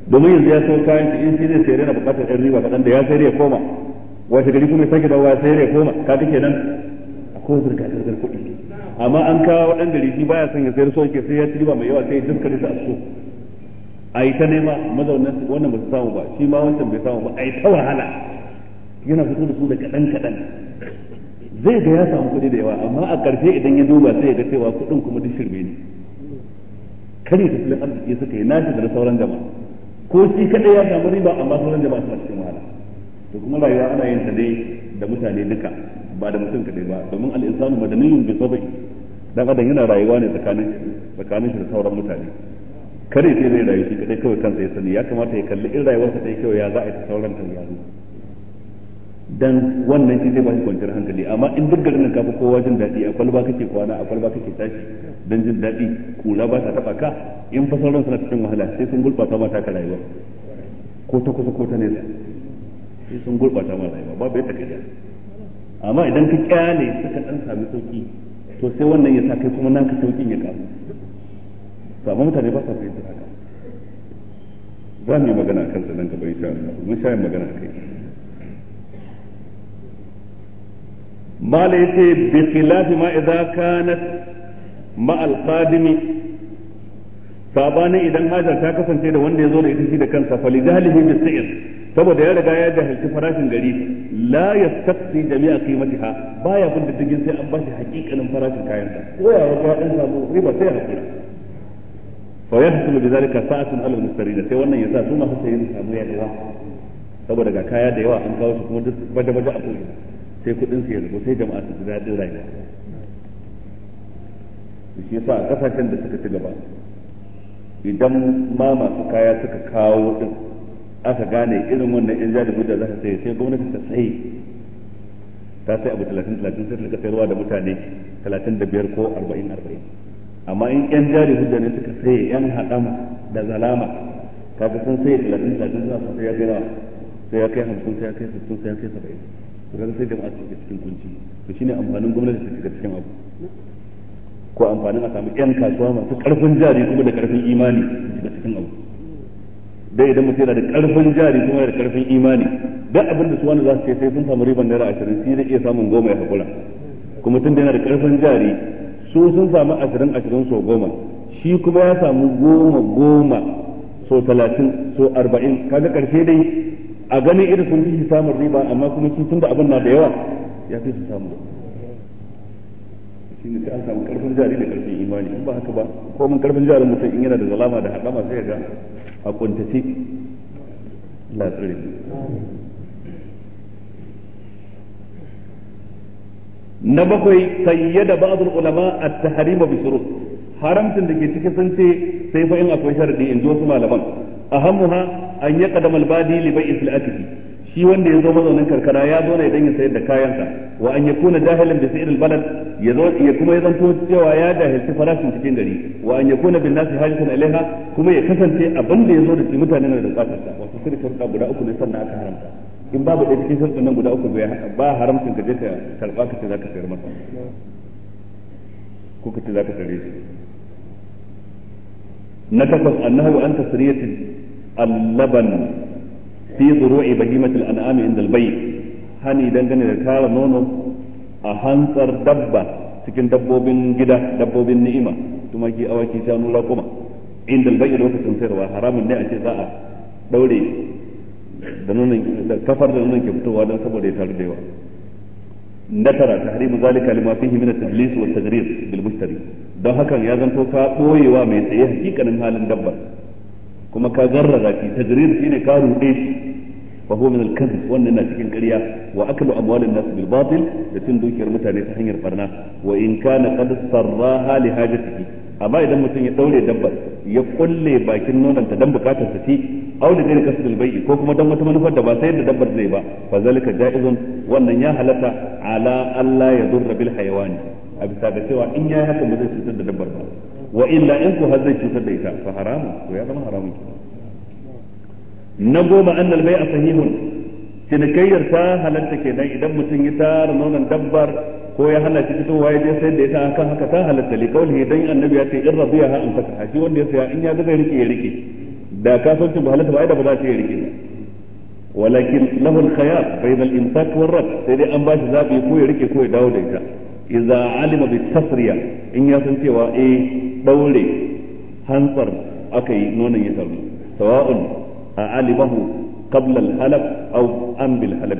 domin yanzu ya sauka kayan shi in shi zai sayar yana buƙatar ɗan riba kaɗan da ya sayar ya koma wace gari kuma ya sake dawowa ya sayar ya koma kaga kenan akwai zirga-zirgar kuɗi amma an kawo waɗanda gari baya son ya sayar so yake sai ya ci riba mai yawa sai ya diskare su a so a yi ta nema mazaunan wannan ba su samu ba shi ma wancan bai samu ba a yi ta wahala yana fito da su da kaɗan kaɗan zai ga ya samu kuɗi da yawa amma a ƙarshe idan ya duba sai ya ga cewa kuɗin kuma duk shirme ne kare tattalin arziki suka yi nashi da na sauran jama'a ko shi kaɗai ya samu riba amma sauran jama'a suna cikin wahala to kuma rayuwa ana yin ta ne da mutane duka ba da mutum kaɗai ba domin al'insanu madaniyun bi sabai dan adam yana rayuwa ne tsakanin tsakanin shi da sauran mutane kare sai zai rayu shi kadai kawai kansa ya sani ya kamata ya kalli in rayuwarsa yi kyau ya za a yi ta sauran ta yaro dan wannan shi zai ba shi kwanciyar hankali amma in duk garin ka fi kowa jin daɗi a kwalba kake kwana a kwalba kake tashi dan jin daɗi kula ba ta taɓa ka in fa sauran suna cikin wahala sai sun gurɓata ma taka rayuwa ko ta kusa ko ta nesa sai sun gurɓata ma rayuwa babu yadda ka amma idan ka kyale suka dan sami sauki to sai wannan ya sa kai kuma naka sauƙin ya kamu to amma mutane ba sa fahimtar haka za mu yi magana a kansa nan gaba insha Allah mun sha magana a kai mala yace bi khilafi ma idza kanat ma al qadimi sabanin idan hajar ta kasance da wanda ya zo da ita shi da kansa fa lidalihi bi sa'ir saboda ya riga ya jahilci farashin gari la yastaqsi jami'a qimatiha baya bin diddigin sai an bashi hakikanin farashin kayan sa ko ya ga dan samu riba sai hakika fa yahsul da zalika sa'atun alal da sai wannan yasa su masu saye samu ya yadewa saboda ga kaya da yawa an kawo su kuma duk baje baje a koyi sai kudin su ya zubo sai jama'a su ji dadin rayuwa shi yasa kasashen da suka ci gaba idan ma masu kaya suka kawo din aka gane irin wannan yan jadi da za ta sai sai gwamnati ta sai ta sai abu 30 30 sai ta sayarwa da mutane 35 ko 40 40 amma in yan jari hujja ne suka saye yan haɗama da zalama kafin sun sai talatin talatin za su sai ya kai nawa sai ya kai hamsin sai ya kai sassun sai ya kai saba'in su kaga sai jama'a su shiga cikin kunci to shine amfanin gwamnati su shiga cikin abu ko amfanin a samu yan kasuwa masu karfin jari kuma da karfin imani su shiga cikin abu dai idan mutum yana da karfin jari kuma yana da karfin imani duk abin da su wani za su ce sai sun samu riban naira ashirin sai zai iya samun goma ya haƙura kuma tun da yana da karfin jari su sun samu ashirin ashirin so goma shi kuma ya samu goma goma so talatin so arba'in kaga karshe dai a ganin irin sun fi shi samun riba amma kuma su tun da abin na da yawa ya fi su samu shi ne an samu karfin jari da karfin imani in ba haka ba ko mun karfin jarin mutum in yana da zalama da haɗama sai ga a kuntace Allah na bakwai sayyada ba'dul ulama at-tahrim bi shurut haramcin da ke ciki sun ce sai fa in akwai sharadi in ji wasu malaman ahammuha an ya al-badi li bai'i silatihi shi wanda ya zo mazaunin karkara ya zo ne idan ya sayar da kayansa wa an yakuna jahilan bi sa'il balad ya zo ya kuma ya zanto cewa ya jahilci farashin cikin gari wa an yakuna bin nasi hajatan alaiha kuma ya kasance abin da ya zo da mutane na da bukatarsa wato sai da guda uku ne sannan aka haramta in babu da cikin sharɗin nan guda uku ba haramcin ka je ka karɓa ka ce za ka sayar masa ko ka ce za ka sayar shi na takwas annahu an tasriyatin allaban fi zuru'i bahimatil an'ami inda albayt hani dangane da tara nono a hantsar dabba cikin dabbobin gida dabbobin ni'ima tumaki awaki shanu raƙuma inda albayt lokacin sayarwa haramun ne a ce za a daure da kafar da nonon ke fitowa don saboda ya taru da yawa na tara tahrimu zalika lima fi min at-tadlis wa at bil mushtari don hakan ya zanto ka boyewa mai tsaye hakikanin halin dabbar kuma ka garrara shi tagrir shine ka rude shi fa huwa min al wannan na cikin ƙarya wa aklu amwalin nas bil batil da cin dukiyar mutane ta hanyar barna wa in kana qad sarraha li hajatihi amma idan mutum ya daure dabbar ya kulle bakin nonanta dan bukatar sa aw da zai kasar albayyi ko kuma dan wata manufar da ba sai da dabbar zai ba fa zalika jaizun wannan ya halatta ala Allah ya durra bil hayawani a bisa cewa in ya haka ba zai cutar da dabbar ba wa illa in har zai cutar da ita fa to ya haramun na goma cinikayyar ta halatta kenan idan mutum ya tara dabbar ko ya hana shi fitowa ya je sayar da ita akan haka ta halatta li kaulihi dan annabi ya ce in radiya ha an faka shi wanda ya saya in ya ga zai rike ya rike da kasuwancin ba halatta ba ya da ba za ta yi rike walakin lahu al-khayar bain al-imsak wal rad sai dai an ba shi zabi ko ya rike ko ya dawo da ita idza alima bi tasriya in ya san cewa eh daure hantsar aka yi nonon ya sarmu sawa'un a alimahu qabla al-halab aw an bil halab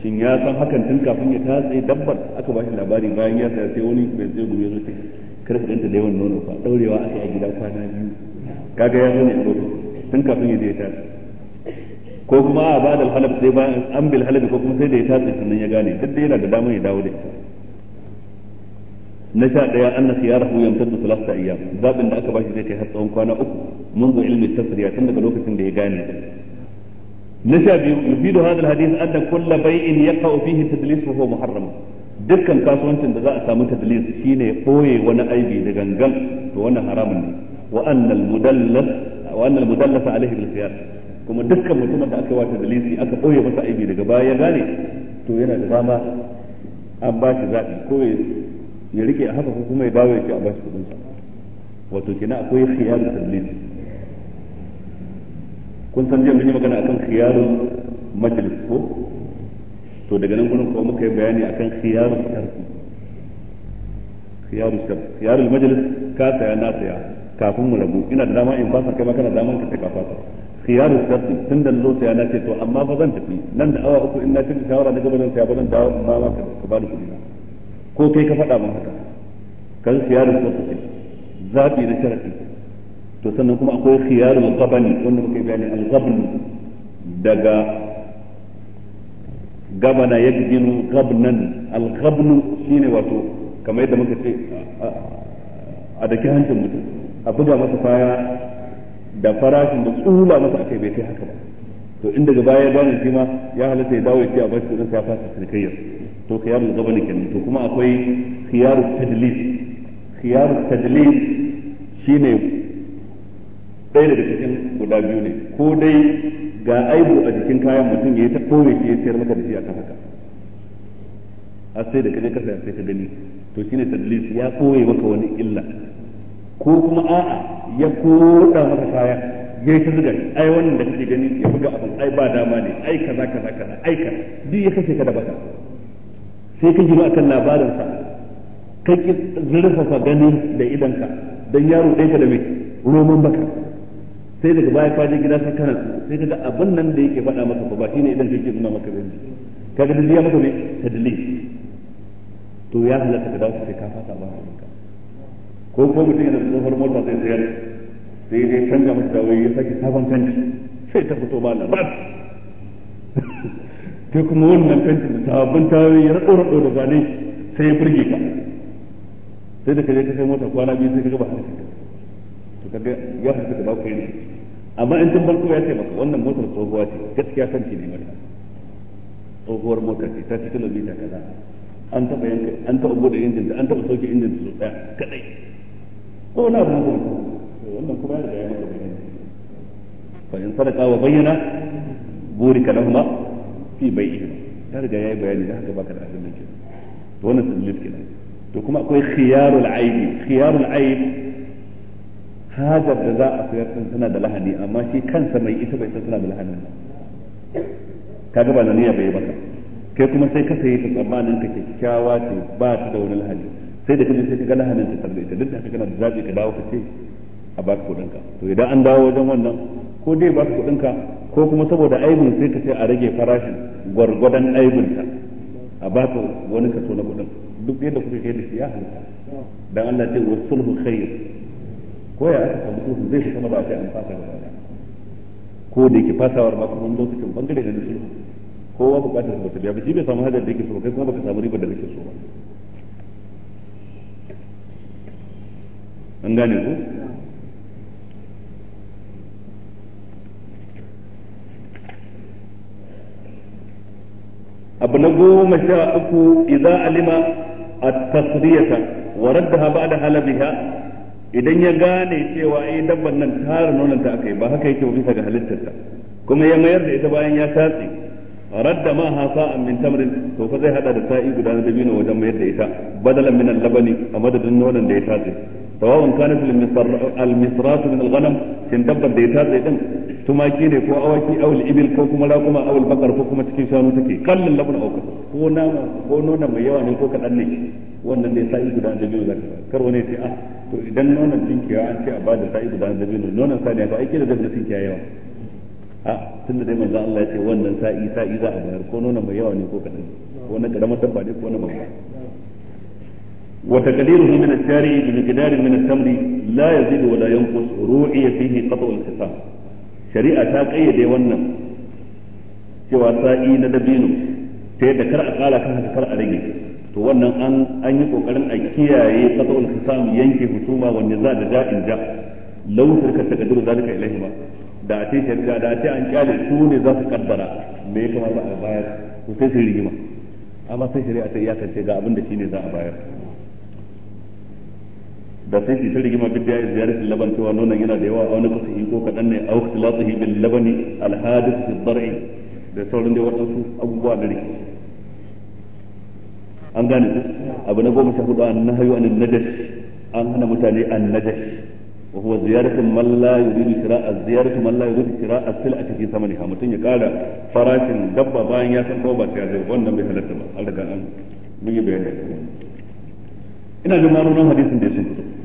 shin ya san hakan tun kafin ya tatse dabbar aka ba shi labari bayan ya saya sai wani bai zai gumi zuciya kar da yawan nono fa daurewa aka a gida kwana biyu kaga ya zo ne a lokacin tun kafin ya je ya tashi ko kuma a ba da halaf sai ba an bil halabi ko kuma sai da ya tatsi sannan ya gane duk da yana da damar ya dawo da ita na sha daya anna khiyarahu yamtaddu thalatha ayyam zabin da aka bashi zai kai har tsawon kwana uku mun منذ علم التسرية tun daga lokacin da ya gane na sha biyu yufidu hadha alhadith anna kull bay'in yaqa'u fihi tadlis wa huwa muharram dukkan kasuwancin da za a samu tadlis shine boye wani aibi da gangan to wannan haramun ne wa anna almudallas wannan mudallasa alaihi bil khiyar kuma dukkan mutumin da aka yi wata dalisi aka boye masa aibi daga baya ya gane to yana da dama an ba shi zaɓi ko ya rike a haka ko kuma ya dawo ya a ba shi kuɗin sa wato kina akwai khiyar tadlis kun san jiya magana akan khiyarul majalis ko to daga nan gurin kuma muka yi bayani akan khiyarul sharfi khiyarul sharfi khiyarul majalis ka saya na saya kafin mu rabu ina da dama in fasa kai ma kana daman ka sai ka fasa khiyaru sharti tun da zo sai na ce to amma ba zan tafi nan da awa uku in na cin shawara daga gaba zan saya ba zan dawo ma ma ka ba da kuɗi ko kai ka faɗa min haka kan khiyaru sharti zabi na sharti to sannan kuma akwai khiyaru qabani wanda muke bayani al-qabn daga gabana ya ginu gabnan algabnu shine wato kamar yadda muka ce a daki hancin mutum a buga masa kaya da farashin da tsula masa akai bai kai haka ba to inda daga baya gane shi ma ya halatta ya dawo ya ce a bashi kudin sa fasa sirkayyar to gaba gabani kenan to kuma akwai khiyarul tadlis khiyarul tadlis shine ɗaya daga cikin guda biyu ne ko dai ga aibu a jikin kayan mutum ya yi ta kore shi ya sayar maka da shi a haka a sai da kaje kasa sai ka gani to shine tadlis ya koye maka wani illa ko kuma a'a ya koda masa kaya ya yi ta zuga ai wannan da kake gani ya buga abin ai ba dama ne ai kaza kaza kaza ai ka duk ya kashe ka da baka sai ka jima akan sa ka ki zurfafa ganin da idan ka dan yaro dai ka da mai roman baka sai daga baya ka je gida sai kana sai kaga abin nan da yake faɗa maka ba shine idan kake nuna maka bane kaga dalili ya maka ne dalili to ya halatta ka dawo sai ka fasa ba ka ko ko mutum yana da tsohon mota zai sayar sai dai canja masa da wai ya sake sabon canji sai ta fito ba na rat kai kuma wannan kantin da sabon tawai ya rado rado da zane sai ya burge ka sai da kaje ka kai mota kwana biyu sai ka ba haka to kaga ya haka da baku ne amma in tun farko ya taimaka wannan motar tsohuwa ce gaskiya canji ne mata tsohuwar motar ce ta ci kilomita kaza an taba yanka an taba bude injin da an taba sauke injin da su daya kadai ko na abu mutum eh, wannan kuma ya riga ya maka bayani fa in sadaka wa bayyana burika lahuma fi bai'ihim ya riga ya yi bayani da haka baka da abin da ke to wannan tadlil kenan to kuma akwai khiyarul aibi khiyarul aib hajar da za a sayar din tana da lahani amma shi kansa mai ita bai san tana da lahani kaga ba niyya bai baka kai kuma sai ka sayi ta tsammanin ka kyakkyawa ce ba ta da wani lahani sai da kaje sai ka gana hannun ta tarbe ta duk da kana da zabi ka dawo ka ce a baka kudin ka to idan an dawo wajen wannan ko dai baka kudin ka ko kuma saboda aibin sai ka ce a rage farashin gwargwadon aibin ta a baka wani kaso na kudin duk yadda kuka kai da shi ya halitta dan Allah ce wasulhu khair ko ya aka samu sulhu zai kuma ba sai an fasa ba ko da yake fasawar ba kuma lokacin bangare da sulhu kowa bukatar sa ba ta biya ba shi bai samu hadar da yake so kai kuma baka samu riba da kake so ba an gane ku abu na goma sha uku idza alima at-tasriyata wa raddaha ba'da halabiha idan ya gane cewa ai eh, dabban nan tara nonon ta akai ba haka yake bisa ga halittarta kuma ya mayar da ita bayan ya tatse radda ma ha sa'an min tamrin to fa zai hada da sa'i guda na dabino wajen mayar da ita badalan min al-labani a madadin nonon da ya tatsi sawa'un kanat al-misrat min al-ghanam shin da ya tatse din tumaki ne ko awaki aw al-ibil ko kuma raquma kuma cikin shanu take kallan labun ko nama ko nona mai yawa ne ko kadan ne wannan ne sa'i guda da biyu zaka kar wani ah to idan nonon tinkiya an ce a ba da sa'i guda da biyu nonon sa ne yawa a tunda dai manzo Allah ya ce wannan sa'i sa'i za a bayar ko nonon mai yawa ne ko kadan ko na karamar dabba ne ko na babba وتقديره من الشارع بمقدار من التمر لا يزيد ولا ينقص روعي فيه قطع الخصام شريعة تاقية دي ونم cewa sa'i na dabino ta da kar a tsara kan haka kar a rage to wannan an yi kokarin a kiyaye qat'ul hisam yanke husuma wa niza da da'in da law shirka taqdiru zalika ilahi ma da a ce shirka da a ce an kyale su ne za su kaddara me ya kamata a bayar sai shari'a ta iyakance ga abin da ne za a bayar da sai shi ta rigima duk yayin ziyarar laban cewa nonon yana da yawa a wani kusa ko kaɗan ne a au ikhtilatihi bil labani al hadith fi dar'i da sauran dai waɗansu abubuwa da rike an gane abu na goma sha hudu an nahayu an najash an hana mutane an najash wa huwa ziyaratu man la yuridu shira'a ziyaratu man la yuridu shira'a sil'ati fi samani ha mutun ya kara farashin dabba bayan ya san ba ta zai wannan bai halatta ba an riga an mun yi bayani ina jin ma'anonin hadisin da sun fito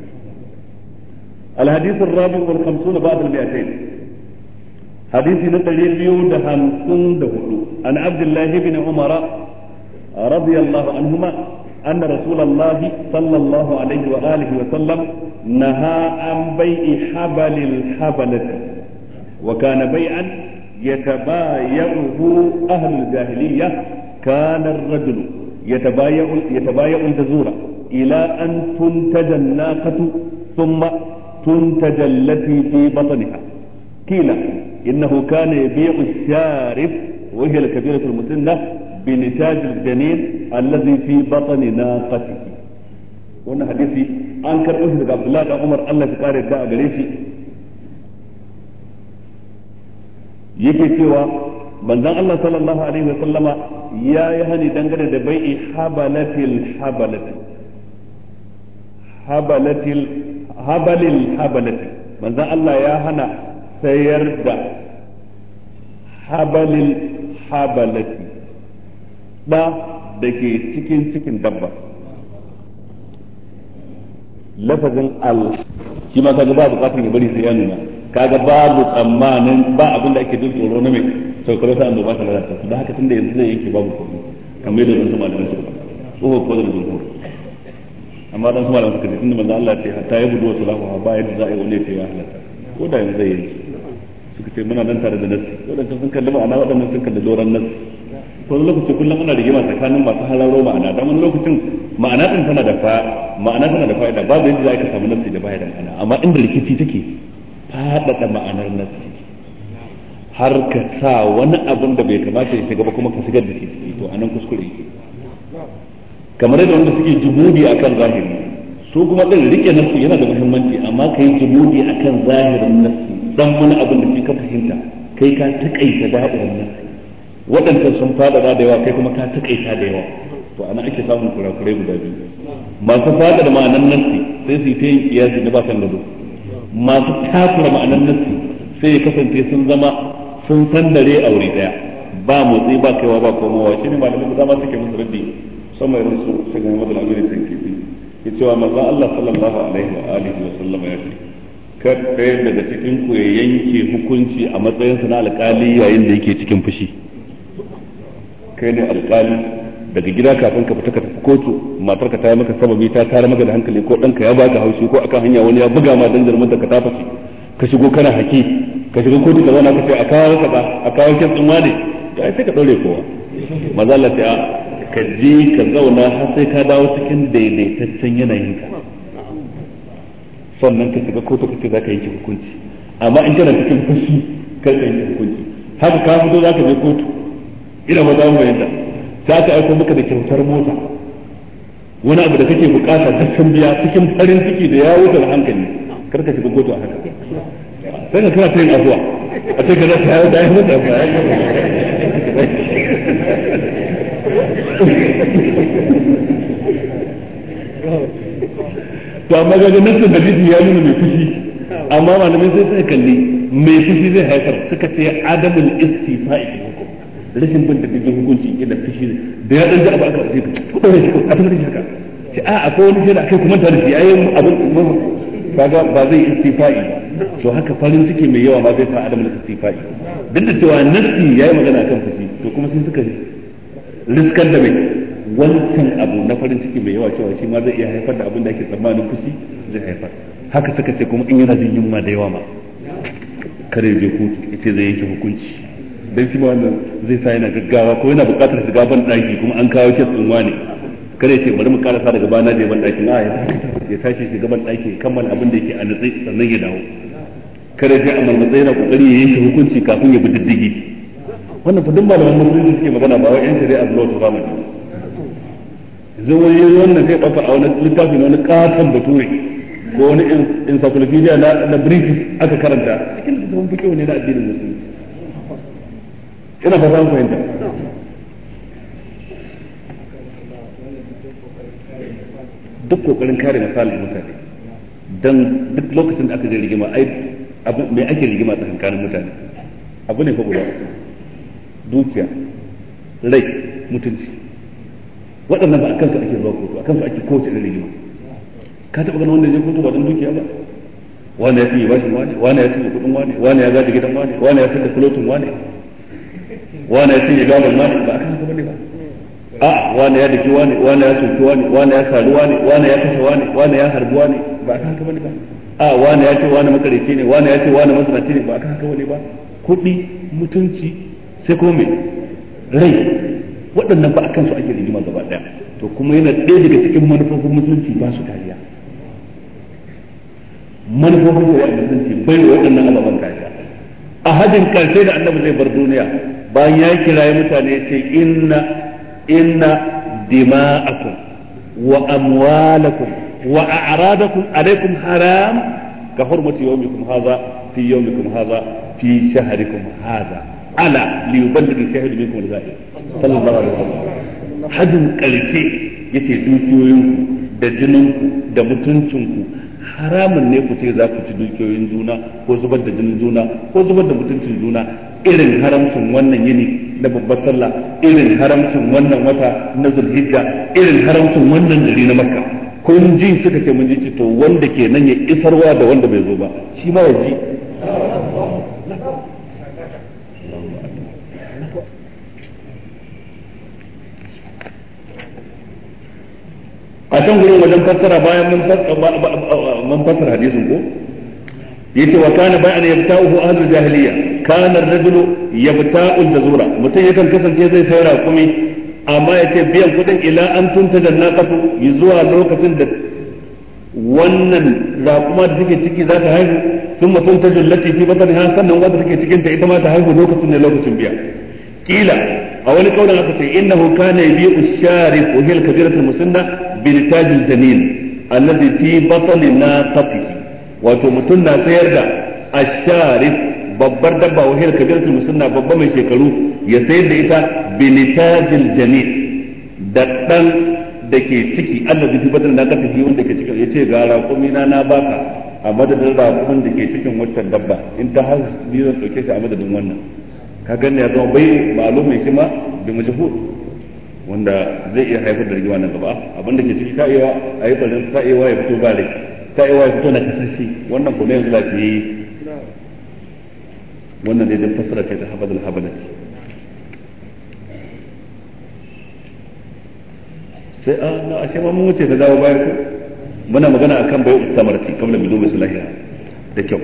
الحديث الرابع والخمسون بعد المئتين حديث نتري بيو دهانسون دهولو عن عبد الله بن عمر رضي الله عنهما أن رسول الله صلى الله عليه وآله وسلم نهى عن بيع حبل الحبلة وكان بيعا يتبايعه أهل الجاهلية كان الرجل يتبايع يتبايع الجزورة إلى أن تنتج الناقة ثم تنتج التي في بطنها قيل إنه كان يبيع الشارف وهي الكبيرة المسنة بنتاج الجنين الذي في بطن ناقته wannan hadisi an karɓo shi daga Abdullahi da Umar Allah ya kare da a gare shi yake cewa manzon Allah sallallahu alaihi wa sallama ya yi hani dangane da bai'i habalatil habalatil habalatil habalil habalati manzan Allah ya hana sayar da habalil habalati da da ke cikin cikin dabba lafazin al shi ma kaga ba bukatar ya bari sai ya nuna kaga babu tsammanin ba abin da ake jin tsoro na mai saukar ta annoba ta lalata da haka tunda yanzu zai yake babu kuma kamar yadda zan sama da nasu ba tsoho ko da jumhur amma dan kuma da suka ce tunda manzo Allah ce hatta ya budu salahu ba yadda za a yi wani ce ya halatta ko da yanzu zai yi suka ce muna nan tare da nasi wadannan sun kalli ma'ana wadannan sun kalli doran nasi ko wani lokaci kullum muna rigima tsakanin masu hararo ma'ana dan wani lokacin ma'ana din tana da fa ma'ana tana da fa'ida babu yadda za ka samu nasi da baya da ma'ana amma inda rikici take faɗaɗa ma'anar nasi har ka sa wani abun da bai kamata ya shiga ba kuma ka shigar da shi to anan kuskure yake kamar yadda wanda suke jumudi akan zahiri su kuma ɗin rike nasu yana da muhimmanci amma kai jumudi akan zahirin nasu dan wani abin da ka fahimta kai ka taƙaita da'irin nasu waɗanda sun fadada da yawa kai kuma ka taƙaita da yawa to ana ake samun kurakurai guda biyu masu da ma'anan nasu sai su yi ta yin kiyasi na bakan gado masu takura ma'anan nasu sai ya kasance sun zama sun san dare a wuri ɗaya ba motsi ba kaiwa ba komowa shi ne malamai da dama suke musu raddi sama musamman yanzu su shiga Muhammad al sun kifi ya cewa maza Allah sallallahu alaihi wa alihi wa sallama ya ce kar ɗaya daga cikin ku ya yanke hukunci a matsayinsa na alƙali yayin da yake cikin fushi kai ne alƙali daga gida kafin ka fita ka tafi kotu matar ka ta yi maka sababi ta tare maka da hankali ko ɗanka ya baka haushi ko akan hanya wani ya buga ma dangar jarumar ka ta fashi ka shigo kana haki ka shigo kotu ka zauna ka ce a kawo kaza a kawo kin tsunwa ne to sai ka ɗaure kowa maza Allah ce a ka je ka zauna har sai ka dawo cikin daidaitaccen yanayinka sannan ka shiga kotu kace za ka yanke hukunci amma in kana cikin fushi kar ka yanke hukunci haka ka fito za ka je kotu ina ba za mu yanda ta ka aiko maka da kyautar mota wani abu da kake bukata duk san biya cikin farin ciki da ya wuce hankali kar ka shiga kotu a haka sai ka kana ta yin abuwa a sai ka za ka yawo da ya mutu to amma ga nassin da bisu ya nuna mai fushi amma malamai sai suka kalli mai fushi zai haifar suka ce adamul istifa'i fil hukum rashin bin diddigin hukunci yana fushi da ya dan ji abu aka sai ku dore shi a tafi shi haka ce a akwai wani shi da kai kuma tare shi ayi abin kaga ba zai istifa'i to haka farin ciki mai yawa ma zai sa adamul istifa'i duk da cewa ya yayi magana kan fushi to kuma sun suka riskar da mai wancan abu na farin ciki mai yawa cewa shi ma zai iya haifar da abin da ake tsammanin fushi zai haifar haka suka ce kuma in yana jin yunwa da yawa ma kare je kotu ita zai yanke hukunci dan shi ma wannan zai sa yana gaggawa ko yana buƙatar shiga ban daki kuma an kawo kes tsunwa ne kare ce bari mu karasa daga bana da ban dakin a ya tashi shiga ban daki kammala abin da yake a nutsi sannan ya dawo kare ce a amma matsayin kokari ya yanke hukunci kafin ya bi diddigi wannan fa duk malaman musulunci suke magana ba wai yan shari'a zuwa ta zamani yanzu wani wannan sai ɗauka a wani littafi na wani katon bature ko wani encyclopedia na british aka karanta cikin littafin fiƙe wani na addinin musulunci ina fata an fahimta duk kokarin kare misalin mutane dan duk lokacin da aka je rigima ai abu me ake rigima tsakankanin mutane abu ne fa guda dukiya rai mutunci waɗannan ba a kanka ake zuwa kotu a kanka ake kowace irin rigima ka taɓa ganin wanda ya je kotu ba don dukiya ba wani ya cinye bashin wani wani ya cinye kudin wani wani ya gaji gidan wani wani ya fitar da kulotin wani wani ya cinye gaban wani ba a kan ba ne ba a wani ya daki wani wani ya soki wani wani ya karu wani wani ya kashe wani wani ya harbi wani ba a kan haka bane ba a wani ya ce wani makarici ne wani ya ce wani masanaci ne ba a kan haka bane ba kuɗi mutunci sai kuma me rai waɗannan ba a kansu ake rigima gaba ɗaya to kuma yana ɗaya daga cikin manufofin musulunci ba su kariya manufofin shari'a musulunci bai da waɗannan ababen kariya a hajin karshe da annabi zai bar duniya bayan ya kiraye mutane ce inna inna dima'akum wa amwalakum wa a'radakum alaikum haram ka hurmati yawmikum hadha fi yawmikum hadha fi shahrikum hadha ala li الشاهد shahidu minkum صلى الله sallallahu alaihi حجم hajin يسي yace dukiyoyinku da jininku da mutuncinku haramun ne ku ce za ku ci dukiyoyin juna ko zubar da jinin juna ko zubar da mutuncin juna irin haramcin wannan yini na babbar sallah irin wannan wata na irin haramcin wannan dari na makka kun ji suka ce mun ji to wanda ke nan ya isarwa da wanda bai zo ba shi ma ya ji a can gurin wajen fassara bayan mun fassara hadisin ko yace wa kana ba'an yabta'uhu ahlul jahiliya kana ar-rajulu yabta'u dazura mutum yakan kasance zai sayar raƙumi amma yace biyan kudin ila an tuntada naqatu zuwa lokacin da wannan kuma da take ciki za ta haihu sun mutum ta jullati fi bataniha sannan wadda take cikin ta ita ma ta haihu lokacin ne lokacin biya kila a wani kaulan aka ce innahu kana yabi'u sharif wa hiya al-kabiratu al-musanna بالتاج الجنين الذي في بطن ناقته wato mutum na sayar da asharif babbar dabba wa hiyar kabiratu musanna babba mai shekaru ya sayar da ita bilitajil janin da ɗan da ke ciki Allah zai tabbatar da kasa wanda ke cikin yace ga raƙumi na na baka a madadin raƙumin da ke cikin waccan dabba in ta har biyu zan dauke shi a madadin wannan ka ganni ya zama bai ma'lumin shi ma bi majhul wanda zai iya haifar da rigima nan gaba abinda ke ciki ta'ewa a yi barin ta'ewa ya fito ba ta'ewa ya fito na kasashe wannan kuma yanzu lafiye wannan dai dan fasara ce ta habadul habalati sai a ah, na ashe ma mun wuce da dawo bayan ku muna magana akan bayu samarti kamar da bidu bisalahiya da kyau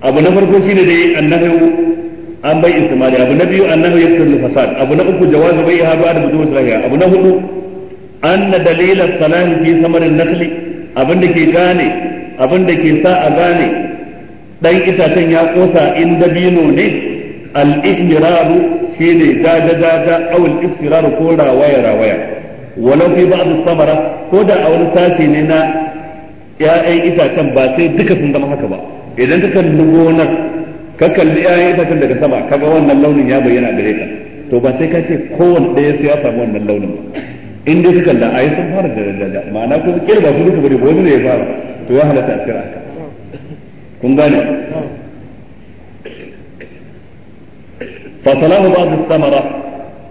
abu na farko shine dai annahu an bai istimali abu na biyu annahu yaktul fasad abu na uku jawazu bai hadu da budu salahiya abu na hudu anna dalil salahi fi samarin nakhli abin da ke gane abin da ke sa a gane dan itacen ya kosa in dabino ne al ihmiraru shine gaga gaga aw al istiraru ko rawaya rawaya walau fi ba'd samara ko da a wani sashi ne na ya'yan itacen ba sai duka sun zama haka ba idan ka kalli ka kalli ƴaƴan itacen daga sama kaga wannan launin ya bayyana gare ka to ba sai ka ce kowane ɗaya sai ya samu wannan launin in dai suka da ayi sun fara da daraja ma'ana ko kira ba duka bane wani ne ya fara to ya halatta a kira ka kun gane fa salahu ba'd samara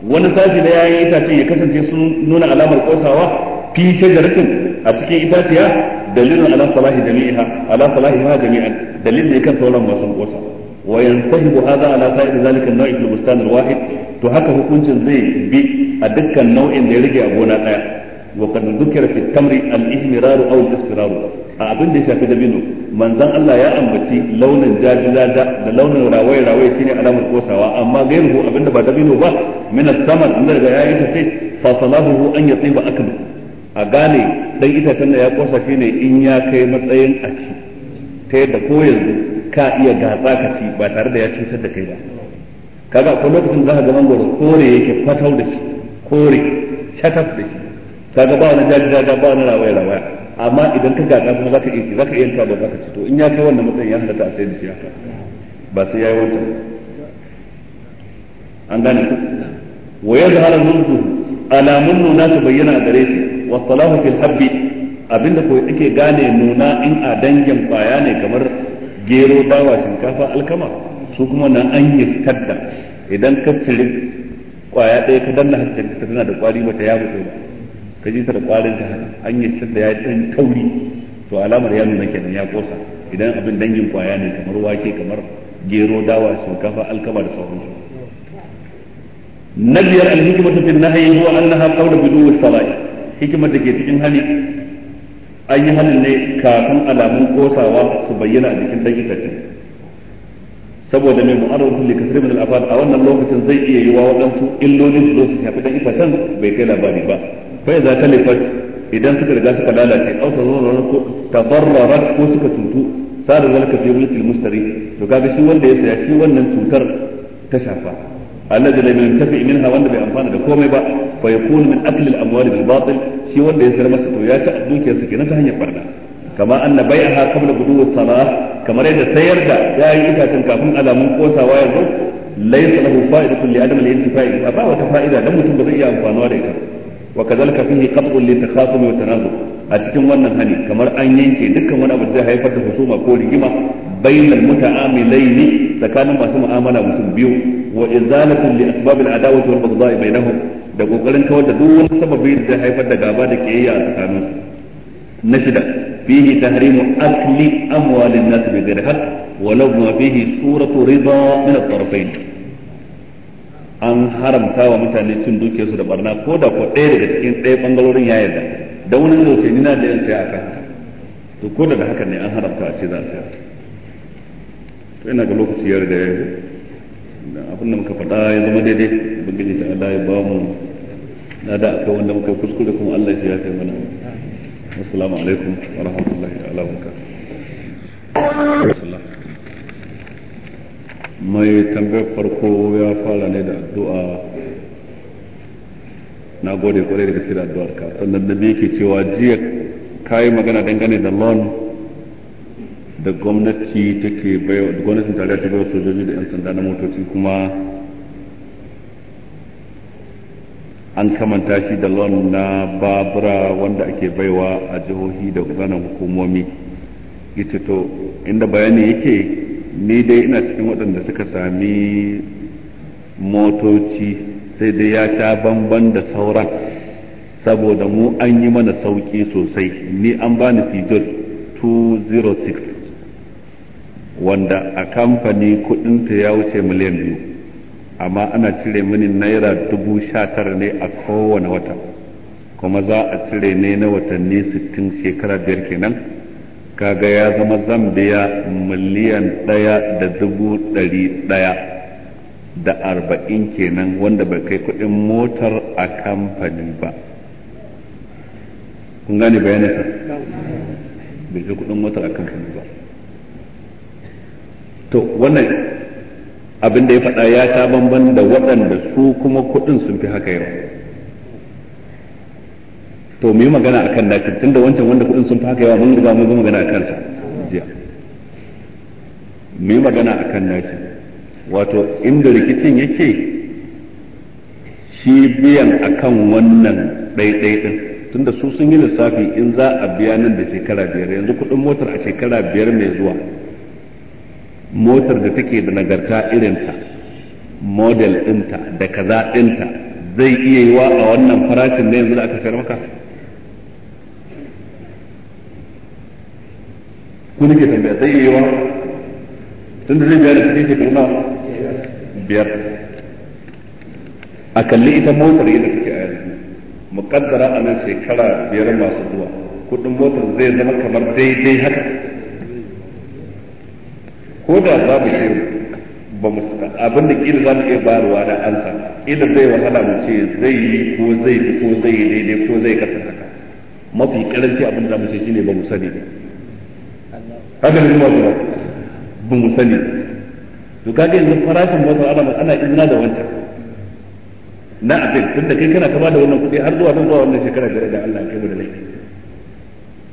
wani sashi da yayin itace ya kasance sun nuna alamar kosawa fi shajaratin a cikin itaciya dalilin ala salahi jami'iha ala salahi ha jami'an dalilin kan sauran masu kosawa wa yantahibu hadha ala sa'ir zalika an-naw' fil bustan wahid to haka hukuncin zai bi a dukkan nau'in da ya rage a gona daya wa kad dhukira fi tamri al-ihmiraru aw al a abin da ya shafi dabino manzon Allah ya ambaci launin jajilaja da launin rawaye rawaye shine alamar kosawa amma gairuhu abinda ba dabino ba min al-samar inda ya yayi ta ce fa salahu an yatiba aklu a gane dan itacen da ya kosa shine in ya kai matsayin aci ta yadda ko yanzu ka iya gatsa ka ci ba tare da ya cutar da kai ba kaga ko lokacin za ka ga mangoro kore yake fatau da shi kore shataf da shi kaga ba wani jaji jaji ba wani rawaya rawaya amma idan ka gatsa kuma za ka iya ci za ka iya ta ba za ka ci to in ya kai wannan matsayin ya halatta a sai da shi haka ba sai ya yi wancan an gane ku wa yadhharu nunzuhu alamun nuna su bayyana a gare shi wa salahu fil habbi abinda ko yake gane nuna in a dangin kwaya ne kamar gero dawa shinkafa alkama su kuma na an yi da idan ka cire kwaya ɗaya ka danna haka ta tana da kwari bata ya mutu ba ka ji ta da kwarin ta an yi da ya ɗan tauri to alamar ya nuna kenan ya kosa idan abin dangin kwaya ne kamar wake kamar gero dawa shinkafa alkama da sauransu na biyar alhikimatu fi nahayi huwa annaha qawlu bidu salati hikimar da ke cikin hali an yi hannun ne kafin alamun kosawa su bayyana a jikin dan itace saboda mai mu'arar sun lika a al'afad a wannan lokacin zai iya yi wa waɗansu illolin su zo su shafi dan itacen bai kai labari ba fai za ta lifat idan suka riga suka lalace au zuwa zo ko tabarrarat ko suka tutu sadar zalika fi mulkil mustari to kaga shi wanda ya saya shi wannan cutar ta shafa alladhi lam yantafi hawan da bai amfana da komai ba fa yakunu min akli al-amwali bil batil shi wanda ya sayar masa to ya ci dukiyarsa kenan ta hanyar barna kama anna bai'aha qabla gudu salah kamar yadda sayar da yayin itacen kafin alamun kosawa yanzu laysa lahu fa'idatun li adam al-intifa'i ba wata fa'ida dan mutum ba zai iya amfanuwa da ita wa kadhalika fihi qat'un li takhasum wa tanazul a cikin wannan hani kamar an yanke dukkan wani abu da zai haifar da husuma ko rigima bainal ne tsakanin masu mu'amala mutum biyu wa izalatu li asbab al adawati wal baghdha bainahum da kokarin kawar da duk wani sababi da zai haifar da gaba da kiyayya a tsakanin na shida fihi tahrimu akli amwalin nas bi ghairi haqq walau ma fihi suratu rida min at-tarfayn an haramta wa mutane cin dukiyarsu da barna ko da ko ɗaya daga cikin ɗaya bangarorin ya yarda da wani lokaci ni na da yan tsaya akan haka to ko da haka ne an haramta a ce za a tsaya to ina ga lokaci ya riga ya da abin da muka faɗa ya zama daidai ubangiji ta Allah ya ba mu na da akai wanda muka kuskure kuma Allah shi ya yafe mana assalamu alaikum wa rahmatullahi ta'ala wa barakatuh mai tambayar farko ya fara ne da addu'a na gode kwarai da gaske da addu'ar ka sannan da ke cewa jiya kayi magana dangane da lon da gwamnati take baiwa gwamnatin ta baiwa sojoji da 'yan sanda na motoci kuma an kamanta shi da lon na babura wanda ake baiwa a jihohi da gudanar hukumomi ita to inda bayani yake ni dai ina cikin waɗanda suka sami motoci sai dai ya sha bamban da sauran saboda mu an yi mana sauƙi sosai ni an bani fijir 206 wanda a kamfani kudinta ya wuce miliyan biyu amma ana cire mini naira dubu sha tara ne a kowane wata kuma za a cire ne na watanni sittin shekara biyar kenan kaga ya zama zan biya miliyan ɗaya da dubu ɗari ɗaya da arba'in kenan wanda bai kai kudin motar a kamfani ba kun gane bayanin sa bai kai kudin motar a kamfani ba to wannan abin da ya faɗa ya ta bamban da waɗanda su kuma kuɗin sun fi haka yawa to mu yi magana akan dakin tunda wancan wanda kuɗin sun fi haka yawa mun riga mun magana a kansa jiya mu yi magana akan nashi wato inda rikicin yake shi biyan kan wannan ɗaiɗai ɗin tunda su sun yi lissafi in za a biya nan da shekara biyar yanzu kuɗin motar a shekara biyar mai zuwa motar da take da nagarta irinta model ɗinta da kaza ɗinta zai iya yi wa a wannan farashin da yanzu da aka sayar maka ku nake tambaya zai iya yiwa tun da zai biya da cikin shekaru na biyar a kalli ita motar yadda take a yanzu muƙaddara a nan shekara biyar masu zuwa kuɗin motar zai zama kamar daidai haka ko da za mu ce ba mu abin da kila za mu iya bayarwa da ansa ina zai wahala mu ce zai yi ko zai yi ko zai yi daidai ko zai kasa haka mafi karanci abin da za mu ce shine ba mu sani haka ne kuma ba ba mu sani to kaga yanzu farashin wata ana ana izina da wancan na abin tunda kai kana ka bada wannan kuɗi har zuwa nan zuwa wannan shekara da da Allah kai mu da laifi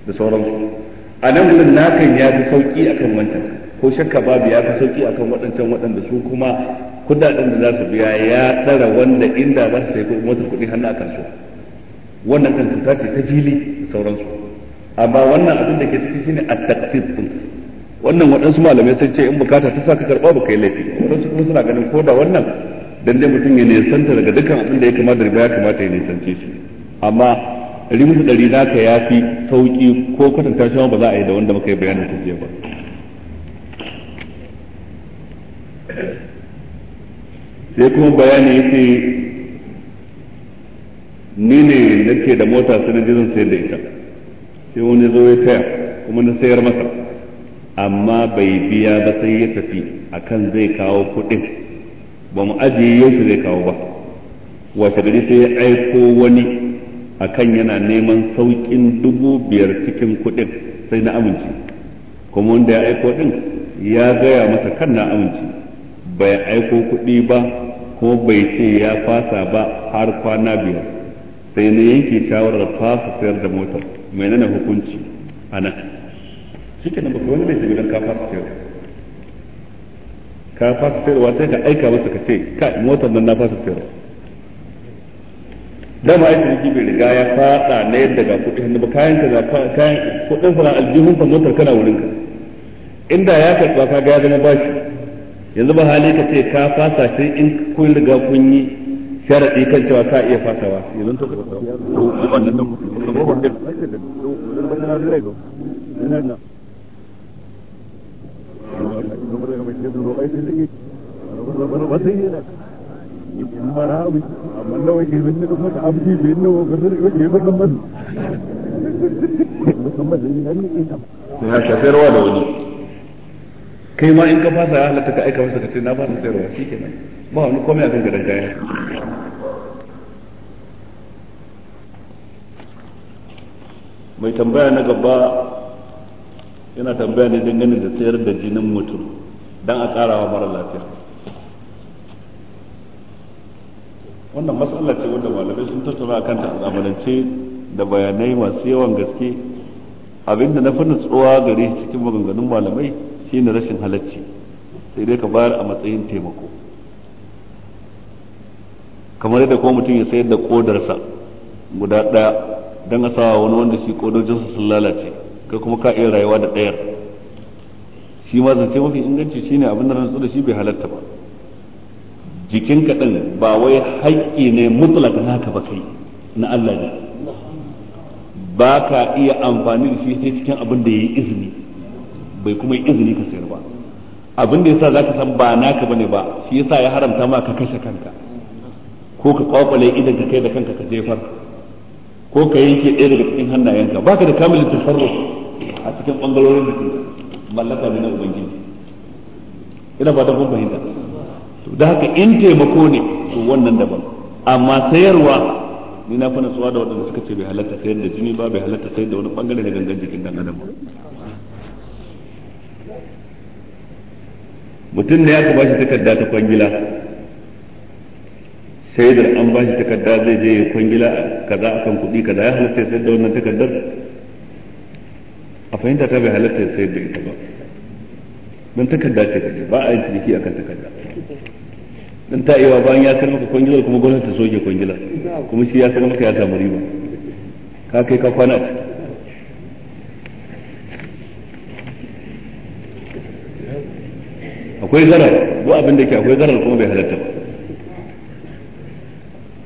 da sauransu a nan wurin nakan ya fi sauki akan wancan ko shakka babu ya fi sauki akan waɗancan waɗanda su kuma kudaden da za su biya ya tsara wanda inda za su sai motar kuɗi hannu a kansu wannan kan cuta ce ta fili da sauransu amma wannan abin da ke ciki shine a din wannan waɗansu malamai sun ce in bukata ta sa ka karɓa ba kai laifi waɗansu kuma suna ganin ko da wannan dan dai mutum ya nisanta daga dukkan abin da ya kamata da ya kamata ya nisance shi amma rimusu ɗari naka ya fi sauƙi ko kwatanta shi ba za a yi da wanda muka yi bayanin tafiya ba sai kuma bayani yace ni ne nake da mota sai na je zan da ita sai wani zo ya taya kuma na sayar masa amma bai biya ba sai ya tafi akan zai kawo kuɗin ba mu ajiye yaushe zai kawo ba wace gari sai ya aiko wani akan yana neman saukin dubu biyar cikin kuɗin sai na amince kuma wanda ya aiko din ya gaya masa kan na amince bai aiko kuɗi ba ko bai ce ya fasa ba har kwana biyar sai na yanke shawarar fasa sayar da motar mai nana hukunci a nan shi ke baka wani mai gidan ka fasa sayar ka fasa sayar wata ka aika masa ka ce ka motar nan na fasa sayar. dama ai ciniki bai riga ya fada na yadda ga kuɗi hannu ba kayan ka kayan kuɗin sana'ar aljihun sa motar kana wurinka inda ya karɓa ka ga ya zama bashi yanzu ba hali ka ce ka fasa sai in kun riga kun yi sharaɗi kan cewa ka iya fasawa yanzu to ya shafi rawa da wani kai ma in ka fasa ya halatta ka aika masa ka ce na ba na sayarwa shikenan ba wani komai a kan gadan mai tambaya na gaba yana tambaya ne dangane da sayar da jinin mutum don a karawa mara lafiya wannan matsala ce wanda malamai sun tattauna kanta a zamanance da bayanai masu yawan gaske abinda na fi nutsuwa gare cikin maganganun malamai shine rashin halacci sai dai ka bayar a matsayin taimako kamar yadda kuma mutum ya sayar da kodarsa guda ɗaya don a sawa wani wanda shi kodojinsa sun lalace kai kuma ka iya rayuwa da ɗayar shi ma zance mafi inganci shine abin da rantsu da shi bai halatta ba jikin kaɗan ba wai haƙƙi ne mutlaka naka ba kai na Allah ne ba ka iya amfani da shi sai cikin abin da ya yi izini bai kuma yi izini ka sayar ba abin da yasa zaka san ba naka bane ba shi yasa ya haramta ma ka kashe kanka ko ka kwakwale idan ka kai da kanka ka jefar ko ka yanke ɗaya daga cikin hannayenka baka da kamilin tasarruf a cikin bangarorin da ke mallaka ne na ubangiji ina ba da kun fahimta da haka in taimako ne to wannan daban amma sayarwa ni na fa suwa da waɗanda suka ce bai halatta sayar da jini ba bai halatta sayar da wani bangare na gangan jikin dan adam ba mutum ne aka bashi takarda ta kwangila sai da an bashi takarda zai je kwangila kaza akan kuɗi kaza ya halatta ya da wannan takardar a fahimta ta bai halatta ya da ita ba don takarda ce kaje ba a yin ciniki akan takarda dan ta iya bayan ya san maka kwangilar kuma gwamnati ta soke kwangilar kuma shi ya san maka ya samu riba ka kai ka kwana ciki akwai zarar ko abin da ke akwai zarar kuma bai halatta ba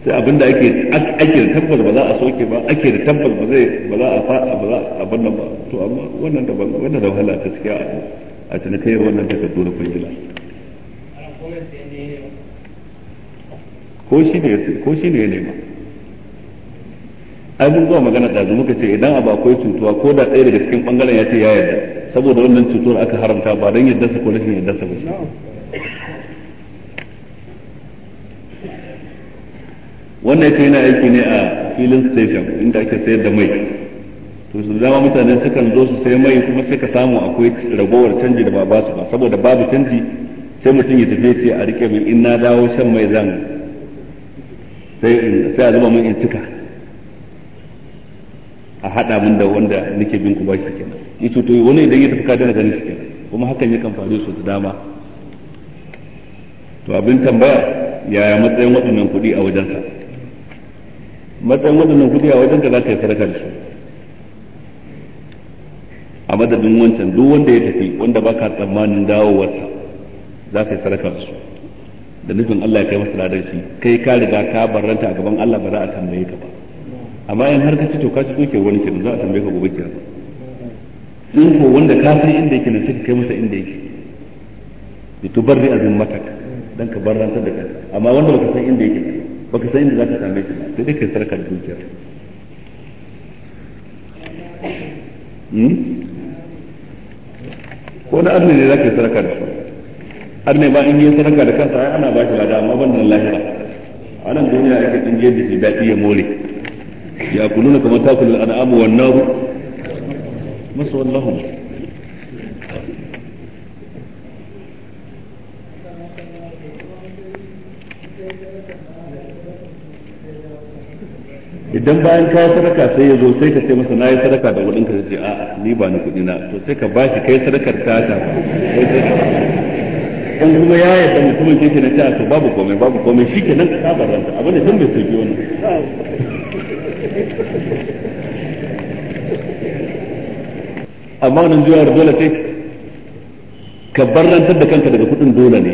sai abin da ake ake da tabbas ba za a soke ba ake da tabbas ba zai ba za a fa'a ba za a ban nan ba to amma wannan da ban wannan da wahala ta cikin a a cikin kai wannan takardu da kwangila ko shi ne ko shi ne ya nema ai mun zuwa magana da muka ce idan abu akwai cutuwa ko da ɗaya daga cikin bangaren ya ce ya yarda saboda wannan cutuwar aka haramta ba don yadda su ko rashin yadda su ba shi wannan ce yana aiki ne a filin station inda ake sayar da mai to su dama mutane sukan zo su sai mai kuma sai ka samu akwai ragowar canji da ba ba su ba saboda babu canji sai mutum ya tafi ce a rike min in na dawo shan mai zan sai a zuba min in cika a hada min da wanda nake bin ku bashi kenan yace to wani idan ya tafi ka dana ganin shi kenan kuma hakan yakan faru su da dama to abin tambaya yaya matsayin waɗannan kuɗi a wajensa matsayin waɗannan kuɗi a wajenka za ka yi sadaka da su a madadin wancan duk wanda ya tafi wanda baka tsammanin dawowarsa za ka yi sadaka da su da nufin Allah ya kai masa ladan shi kai ka riga ka barranta a gaban Allah ba za a tambaye ka ba amma in har ka to ka ci wani kenan za a tambaye ka gobe kira in ko wanda ka san inda yake nan sai kai masa inda yake bi tubarri matak dan ka barantar da kai amma wanda baka san inda yake baka san inda ka same shi sai dai kai sarka dukiyar hmm? ko da arne ne za ka yi sadaka da su arne ba in yi sarkar da kansa ai ana ba shi lada amma ban nan lahira a nan duniya ake tsinjiyar da shi ba ya mole yakuluna kama takul al'amu wan nar wallahu. idan bayan ka yi sadaka sai ya zo sai ka ce masa na yi sadaka da kuɗin ka sai ce a ni ba ni kuɗi na to sai ka ba shi kai sadakar ka ta in kuma ya yadda mutumin ke na ce a to babu komai babu komai shi ke nan ka saba ranta abin da tun bai sauki wani amma wannan juyawar dole sai ka barnantar da kanka daga kudin dole ne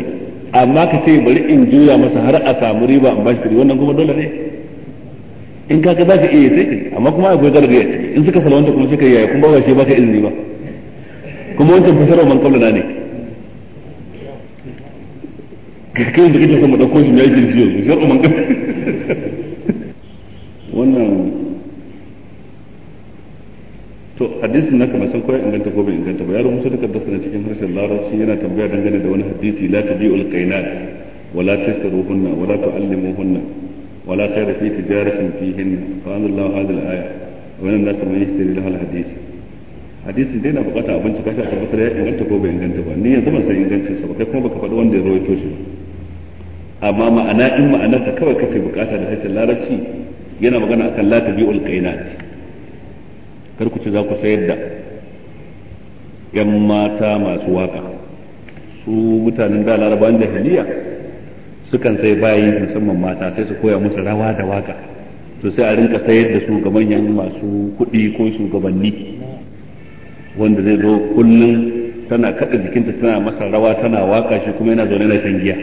amma ka ce bari in juya masa har a samu riba bashi kudi wannan kuma dole ne in ka za ka iya sai amma kuma akwai gargaɗi in suka salwanta kuma suka yaya kuma ba shi ba ka izini ba kuma wancan fasara man kamla na ne kai da kake son mu dauko shi ne yake ciwo shi man kaula (laughs) wannan to hadisin naka ba san ko ya inganta ko bai inganta ba ya rubuta takardar sa cikin harshen larabci yana tambaya dangane da wani hadisi la tabi'ul qainat wala tashtaruhunna wala tu'allimuhunna wala khayra fi tijaratin fihinna fa anzalna hadhihi al-aya wa inna an-nasa man yashtari laha al-hadith hadisin dai na bukata abinci kashi a tabbatar ya inganta ko bai inganta ba ni yanzu ban san ingancin sa ba kai kuma baka faɗi wanda ya rawaito shi ba amma ma'ana in ma'anarsa kawai kake bukata da harshen larabci yana magana akan la tabi'ul qainat kar ku ci za ku sayar da yan mata masu waka su mutanen da larabawan jahiliya sukan sai bayi musamman mata sai su koya musu rawa da waka to sai a rinka sayar da su ga manyan masu kuɗi ko shugabanni wanda zai zo kullum tana kaɗa jikinta tana masa rawa tana waka shi kuma yana zaune na shan giya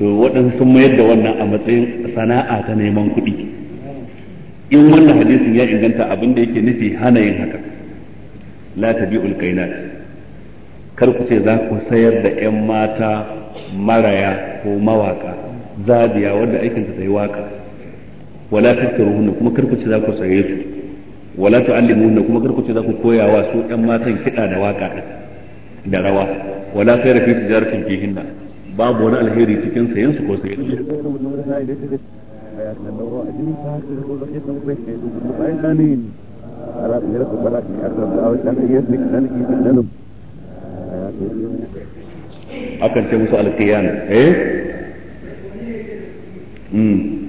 to waɗansu sun mayar da wannan a matsayin sana'a ta neman kuɗi in wannan hadisin ya inganta abin da yake nufi hana yin haka la tabi'ul kainat kar ku ce za ku sayar da 'yan mata maraya ko mawaka zadiya wanda aikin ta sai waka wala taskaruhunna kuma kar ku ce za ku saye su wala tu'allimuhunna kuma kar ku ce za ku koya wa su 'yan matan kiɗa da waka da rawa wala sayar fi tijaratin fihinna babu wani alheri cikin sayen su ko sayen su حياتنا لو رائد من فهد يقول لك انت مبيت يقول لك اين مانين على ميرك وبلاك يا اخي او تحيات لك تلقي بالنلم اكن كم سؤال القيامة ايه امم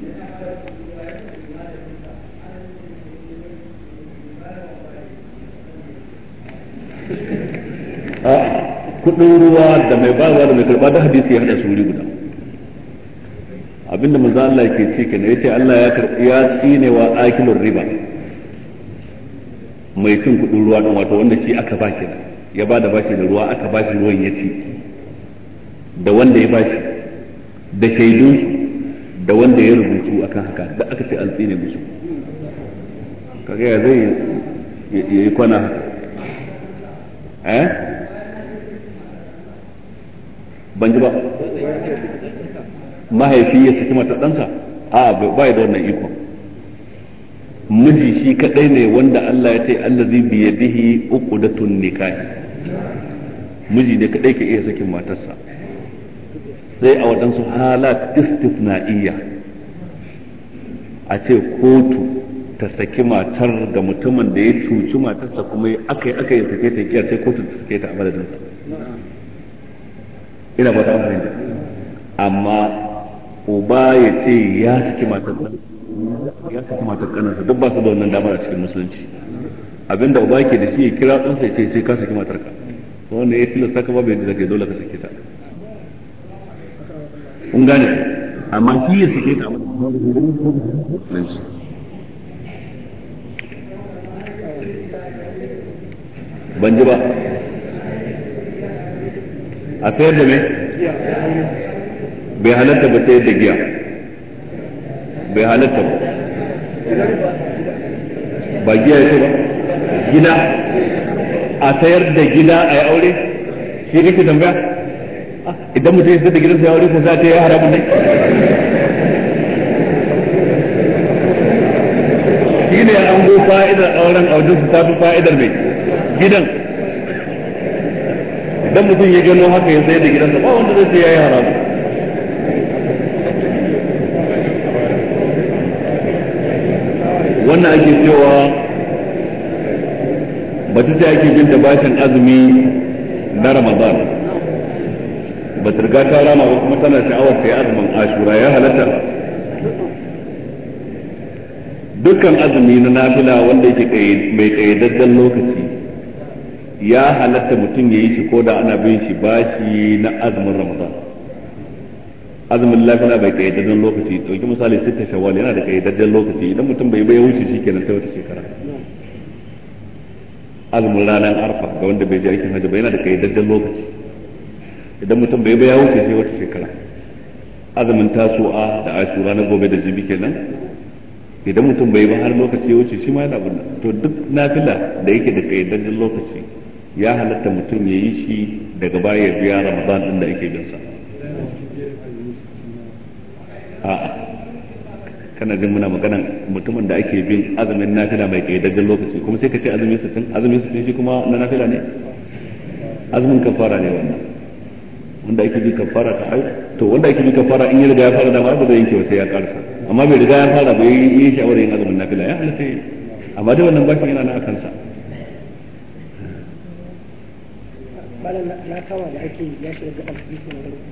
kudin ruwa da mai bawa da mai karba da hadisi ya hada su wuri guda abinda manzo Allah ke ce kenan yace Allah ya karbi ya tsine wa akilur riba mai cin kudin ruwa din wato wanda shi aka ba kenan ya bada bashi da ruwa aka shi ruwan ya ci da wanda ya bashi da shaidun da wanda ya rubutu akan haka da aka ce an tsine musu kaga ya zai yi kwana eh ban ji ba mahaifi ya saki mata ɗansa a bai da wannan iko miji shi kaɗai ne wanda Allah ya ce allazi bi yadihi uqdatun nikah miji ne kaɗai ka iya sakin matarsa sai a wadansu halat istisna'iyya a ce kotu ta saki matar da mutumin da ya cuci matarsa kuma aka yi aka yi sake ta kiyar sai kotu ta sake ta a madadinsa ina ba ta amma uba ya ce ya saki matar kanansa duk ba su da wannan damar a cikin musulunci abinda uba ke da shi ya kira ɗansa ya ce sai ka saki matarka wanda ya tilasta ka babu yadda zaka dole ka saki ta kun gane amma shi ya saki ta ban ji ba a sayar da me bai halatta ba sai da giya bai halatta ba ba giya ya ba gida a sayar da gida a yi aure shi kake tambaya idan mutum ya sayar da gidansa ya aure ko za ta yi haramun ne shi ne an go fa'idar auren audin su tafi fa'idar mai gidan dan mutum ya gano haka ya sayar da gidansa ba wanda zai ce ya yi haramun wannan ake cewa bata sai ake bin bashin azumi na ramadan ba ta riga ta rama ba kuma tana sha'awar ta yi azumin ashura ya halatta dukkan azumi na nafila wanda yake mai kayyadadden lokaci ya halatta mutum ya yi shi ko da ana bin shi bashi na azumin ramadan azumin lafiya bai kayyadadden lokaci dauki misali sita shawali yana da kayyadadden lokaci idan mutum bai bai wuce kenan sai wata shekara azumin ranar arfa ga wanda bai je aikin hajji ba yana da kayyadadden lokaci idan mutum bai bai wuce sai wata shekara azumin tasu'a da ashura na gobe da jibi kenan idan mutum bai ba har lokaci ya wuce shi ma yana bunna to duk nafila da yake da kayyadajjen lokaci ya halatta mutum ya yi shi daga baya biya ramadan din da ake bin sa a'a kana jin muna magana mutumin da ake bin azumin nafila mai kayyadajjen lokaci kuma sai ka ce azumin sittin azumin sittin shi kuma na nafila ne azumin kafara ne wannan wanda ake bi kafara ta ai to wanda ake bi kafara in ya riga ya fara da ba zai yanke sai ya karsa amma bai riga ya fara ba yi shawara yin azumin nafila ya halatta yi amma dai wannan bashin yana na akan sa na kawo da ake ya shiga gaban hadisi ne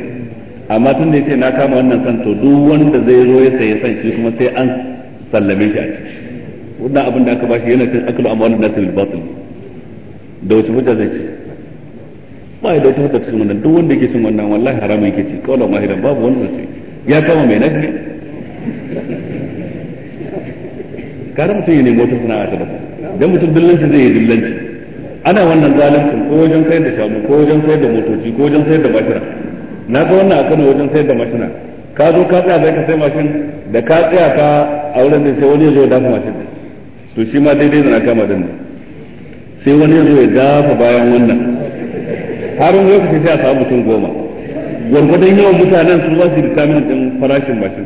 amma tun da yace na kama wannan san to duk wanda zai zo ya saye san shi kuma sai an sallame shi a ciki wannan abin da aka bashi yana cin akalu amma wannan nasu bil batil da wata hujja zai ce bai da wata hujja cikin wannan duk wanda yake cin wannan wallahi haramun yake ci kawai mahiran babu wanda zai ya kama mai nafi kare mutum ya nemi wata sana'a ta dafa dan mutum dillanci zai yi dillanci ana wannan zalincin ko wajen sayar da shanu ko wajen sayar da motoci ko wajen sayar da mashina na ga wannan a Kano wajen sayar da mashina ka zo ka tsaya zai ka sai mashin da ka tsaya ka a wurin da sai wani ya zo ya dafa mashin da to shi ma daidai zana kama din sai wani ya zo ya dafa bayan wannan har wani lokaci sai a samu mutum goma gwargwadon yawan mutanen su za su yi kamin din farashin mashin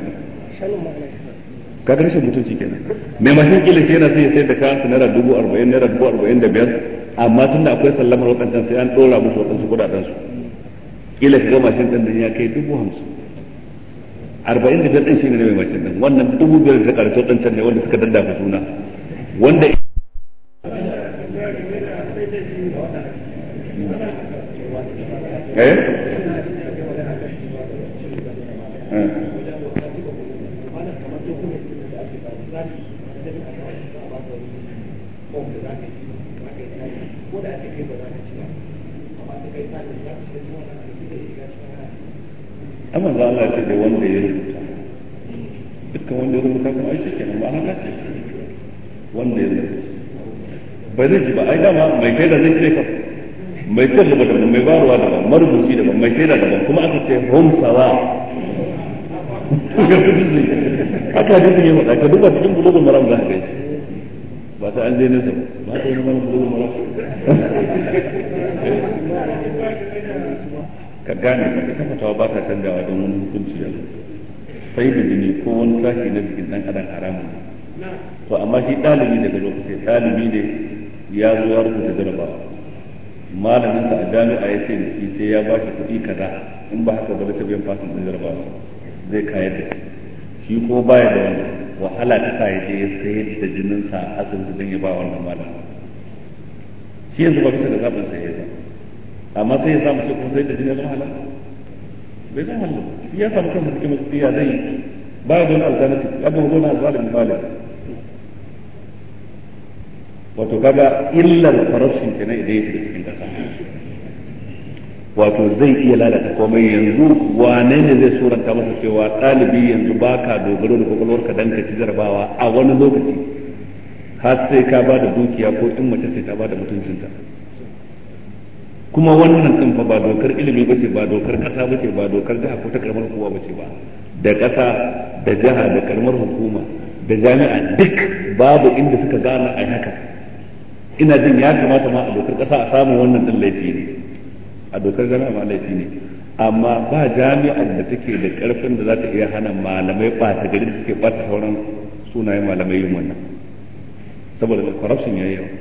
kaga rashin mutunci kenan mai mashin kila shi yana sai ya sayar da kayan su naira dubu arba'in naira dubu arba'in da biyar amma tunda akwai sallamar wakancan sai an ɗora musu wakansu kudaden su kila ka ga mashin ɗan nan ya kai dubu hamsin arba'in da ɗan shi ne mai mashin ɗan wannan dubu biyar da ƙarfi ɗan can ne wanda suka danda daddafa suna wanda eh ko da ake kai ba za ka ci ba amma ta kai ta da za ka ci wannan amma za Allah ce da wanda ya rubuta dukkan wanda ya rubuta kuma ai shikenan ba haka ce wanda ya rubuta ba zai ji ba ai dama mai shaida zai ce ka mai kan da daban mai barowa daban marubuci daban mai shaida daban kuma aka ce hum sawa haka hadisi ya faɗa ka duba cikin bulugul maram za ka gaishe ba sai an je nesa ba ta yi mana bulogun maram ka gane ka ita fatawa ba ta canzawa don wani hukunci da sai da jini ko wani sashi na jikin dan adam haramun to amma shi dalibi daga lokaci dalibi ne ya zo ya rubuta jarabawa malaminsa a jami'a ya ce da shi sai ya ba shi kuɗi kaza in ba haka ba da biyan fasin ɗin jarabawa zai kayar da shi shi ko baya da wani wahala ta sa ya je ya sayar da jinin sa a asibiti don ya ba wannan malamin shi yanzu ba bisa da zaɓin sa ya zama amma sai ya samu ce kuma sai da jini ya zama halal bai zama halal shi ya samu kansa cikin mutum ya zai ba ya dole alternative abu zo na zalim zalim wato kaga illar corruption kenan idan ya fi cikin kasa wato zai iya lalata komai yanzu wane ne zai suranta masa cewa ɗalibi yanzu ba ka dogaro da kwakwalwarka dan ka ci jarabawa a wani lokaci har sai ka ba da dukiya ko in mace sai ta ba da mutuncinta kuma wannan din fa ba dokar ilimi ba ce ba dokar kasa ba ce ba dokar jiha ko ta karamar hukuma ba ce ba da kasa da jiha da karamar hukuma da jami'a duk babu inda suka gana a haka ina jin ya kamata ma a dokar kasa a samu wannan din laifi ne a dokar jami'a ma laifi ne amma ba jami'a da take da karfin da za ta iya hana malamai ta gari da suke bata sauran sunayen malamai yin wannan saboda corruption ya yi yawa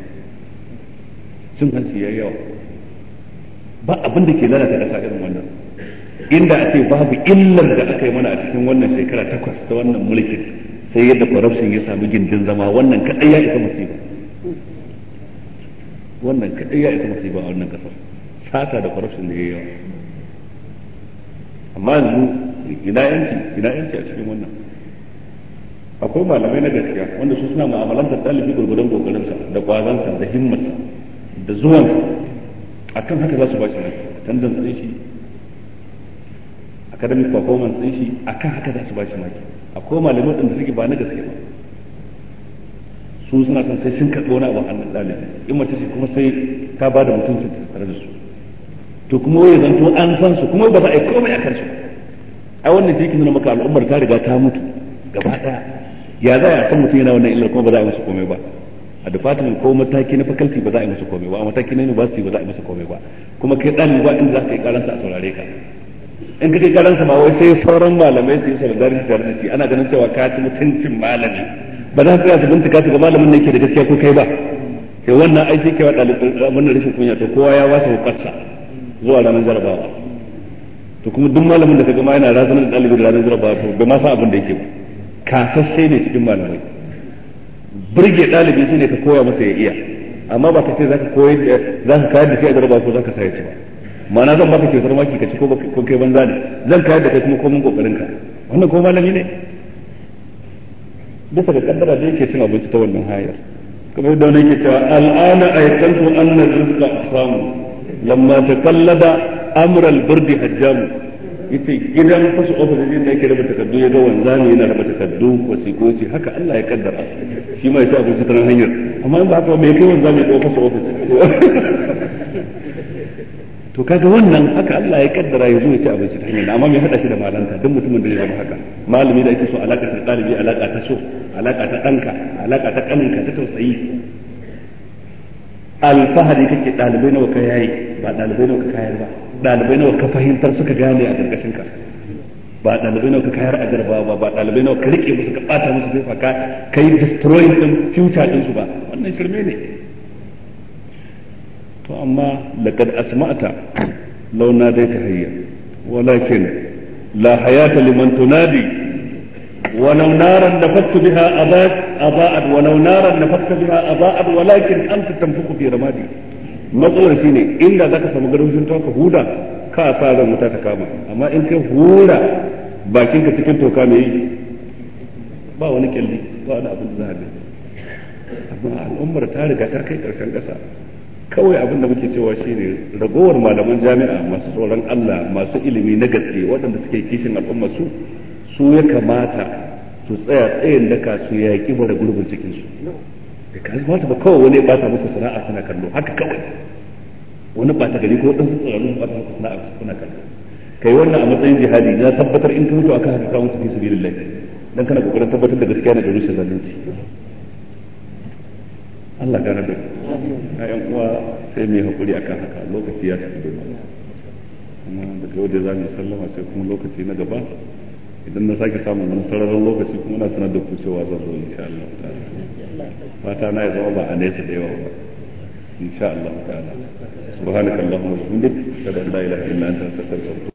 cin hanci ya yawa ba abin da ke lalata ƙasa irin wannan inda a ce babu illar da aka yi mana a cikin wannan shekara takwas ta wannan mulkin sai yadda corruption ya sami gindin zama wannan kaɗai ya isa musiba wannan kaɗai ya isa musiba a wannan ƙasar sata da corruption da ya yawa amma yanzu ina yanci ina yanci a cikin wannan akwai malamai na gaskiya wanda su suna mu'amalantar ɗalibi gurgudan kokarinsa da kwazansa da himmarsa da zuwansa akan haka za su ba shi rank attendance din shi academic performance din shi akan haka za su ba shi maki akwai malamai din da suke ba na gaske ba su suna son sai sun karɓi wani abin annan ɗalibin in mace ce kuma sai ta ba da mutuncin ta tare da su to kuma wai zanto an san su kuma ba za a yi komai a kansu ai wannan shi ke nuna maka al'ummar ta riga ta mutu gaba ɗaya ya za a san mutum yana wannan illar kuma ba za a yi musu komai ba a department ko mataki na faculty ba za a yi masa komai ba a mataki na university ba za a yi masa komai ba kuma kai dan ba inda za ka yi karansa a saurare ka in ka kai karansa ba wai sai sauran malamai su yi saurare da shi ana ganin cewa ka ci mutuncin malami ba za ka ga bintika ga malamin ne ke da gaskiya ko kai ba sai wannan aiki kai wa dalibin wannan rashin kunya to kowa ya wasa hukarsa zuwa ranar jarabawa to kuma duk malamin da ka ma yana razanar da ɗalibin ranar jarabawa to bai ma sa abin da yake ba kasasshe ne cikin malamai burge ɗalibi shi ne ka koya masa ya iya amma ba ka ce za ka koyar za ka kayar da shi a jarabawa ko za ka sayar ba ma'ana zan baka kyautar maki ka ci ko kai banza ne zan kayar da kai kuma komin kokarin ka wannan ko malami ne bisa ga kaddara da yake cin abinci ta wannan hayar kamar yadda wani yake cewa al'ana aykantu anna rizqa aqsamu lamma taqallada amra al-bird hajjamu yace gidan fasu ofis din da yake raba takardu ya ga wanzami yana raba takardu wasiƙo ce haka Allah ya kaddara shi ma ya ci abinci ta hanyar amma in ba haka me kai wanzami ko fasu ofis to kaga wannan haka Allah ya kaddara ya ya ci abinci ta hanyar amma me hada shi da malanta duk mutumin da ya zama haka malami da ake so alaka ta ɗalibi alaka ta so alaka ta ɗanka alaka ta ƙaninka ta tausayi alfahari kake ɗalibai nawa ka yayi ba ɗalibai nawa ka kayar ba ɗalibai nawa ka fahimtar suka gane a ƙarƙashin ka ba ɗalibai nawa ka kayar a garba ba ba ɗalibai nawa ka rike musu ka ɓata musu zai ka kai destroy ɗin future ɗinsu ba wannan shirme ne to amma laqad asma'ta law nadaita hayya walakin la hayata liman tunadi ولو نارا biha بها أضاءت أضاءت ولو نارا نفخت بها أضاءت ولكن أنت تنفخ في رمادي matsalar shine inda zaka samu garwashin toka huda ka sa ran wuta ta kama amma in kai hura bakinka cikin toka mai yi ba wani kyalli ba wani abin da za a bi amma al'ummar ta riga ta kai karshen ƙasa kawai abin da muke cewa shine ragowar malaman jami'a masu tsoron Allah masu ilimi na gaske waɗanda suke kishin al'ummar su su ya kamata su tsaya tsayin daka su yaƙi bara gurbin cikinsu da ka alfata ba kawai wani ba ta muku sana'a kuna kallo haka kawai wani ba ta gari ko wadansu tsararrun ba ta muku sana'a kuna kallo kai wannan a matsayin jihadi na tabbatar in ka mutu akan haka kawo su fi sabilillah dan kana kokarin tabbatar da gaskiya na da rushe zalunci Allah gane da na yan uwa sai mai hakuri akan haka lokaci ya tafi bai kuma daga yau da za mu sallama sai kuma lokaci na gaba idan na sake samun wani sararin lokaci kuma na sanar da ku cewa zan zo insha Allah ta'ala fata na ya zama ba a nesa da yawa ba insha Allah ta'ala subhanakallahumma wa bihamdika ashhadu an la ilaha illa anta astaghfiruka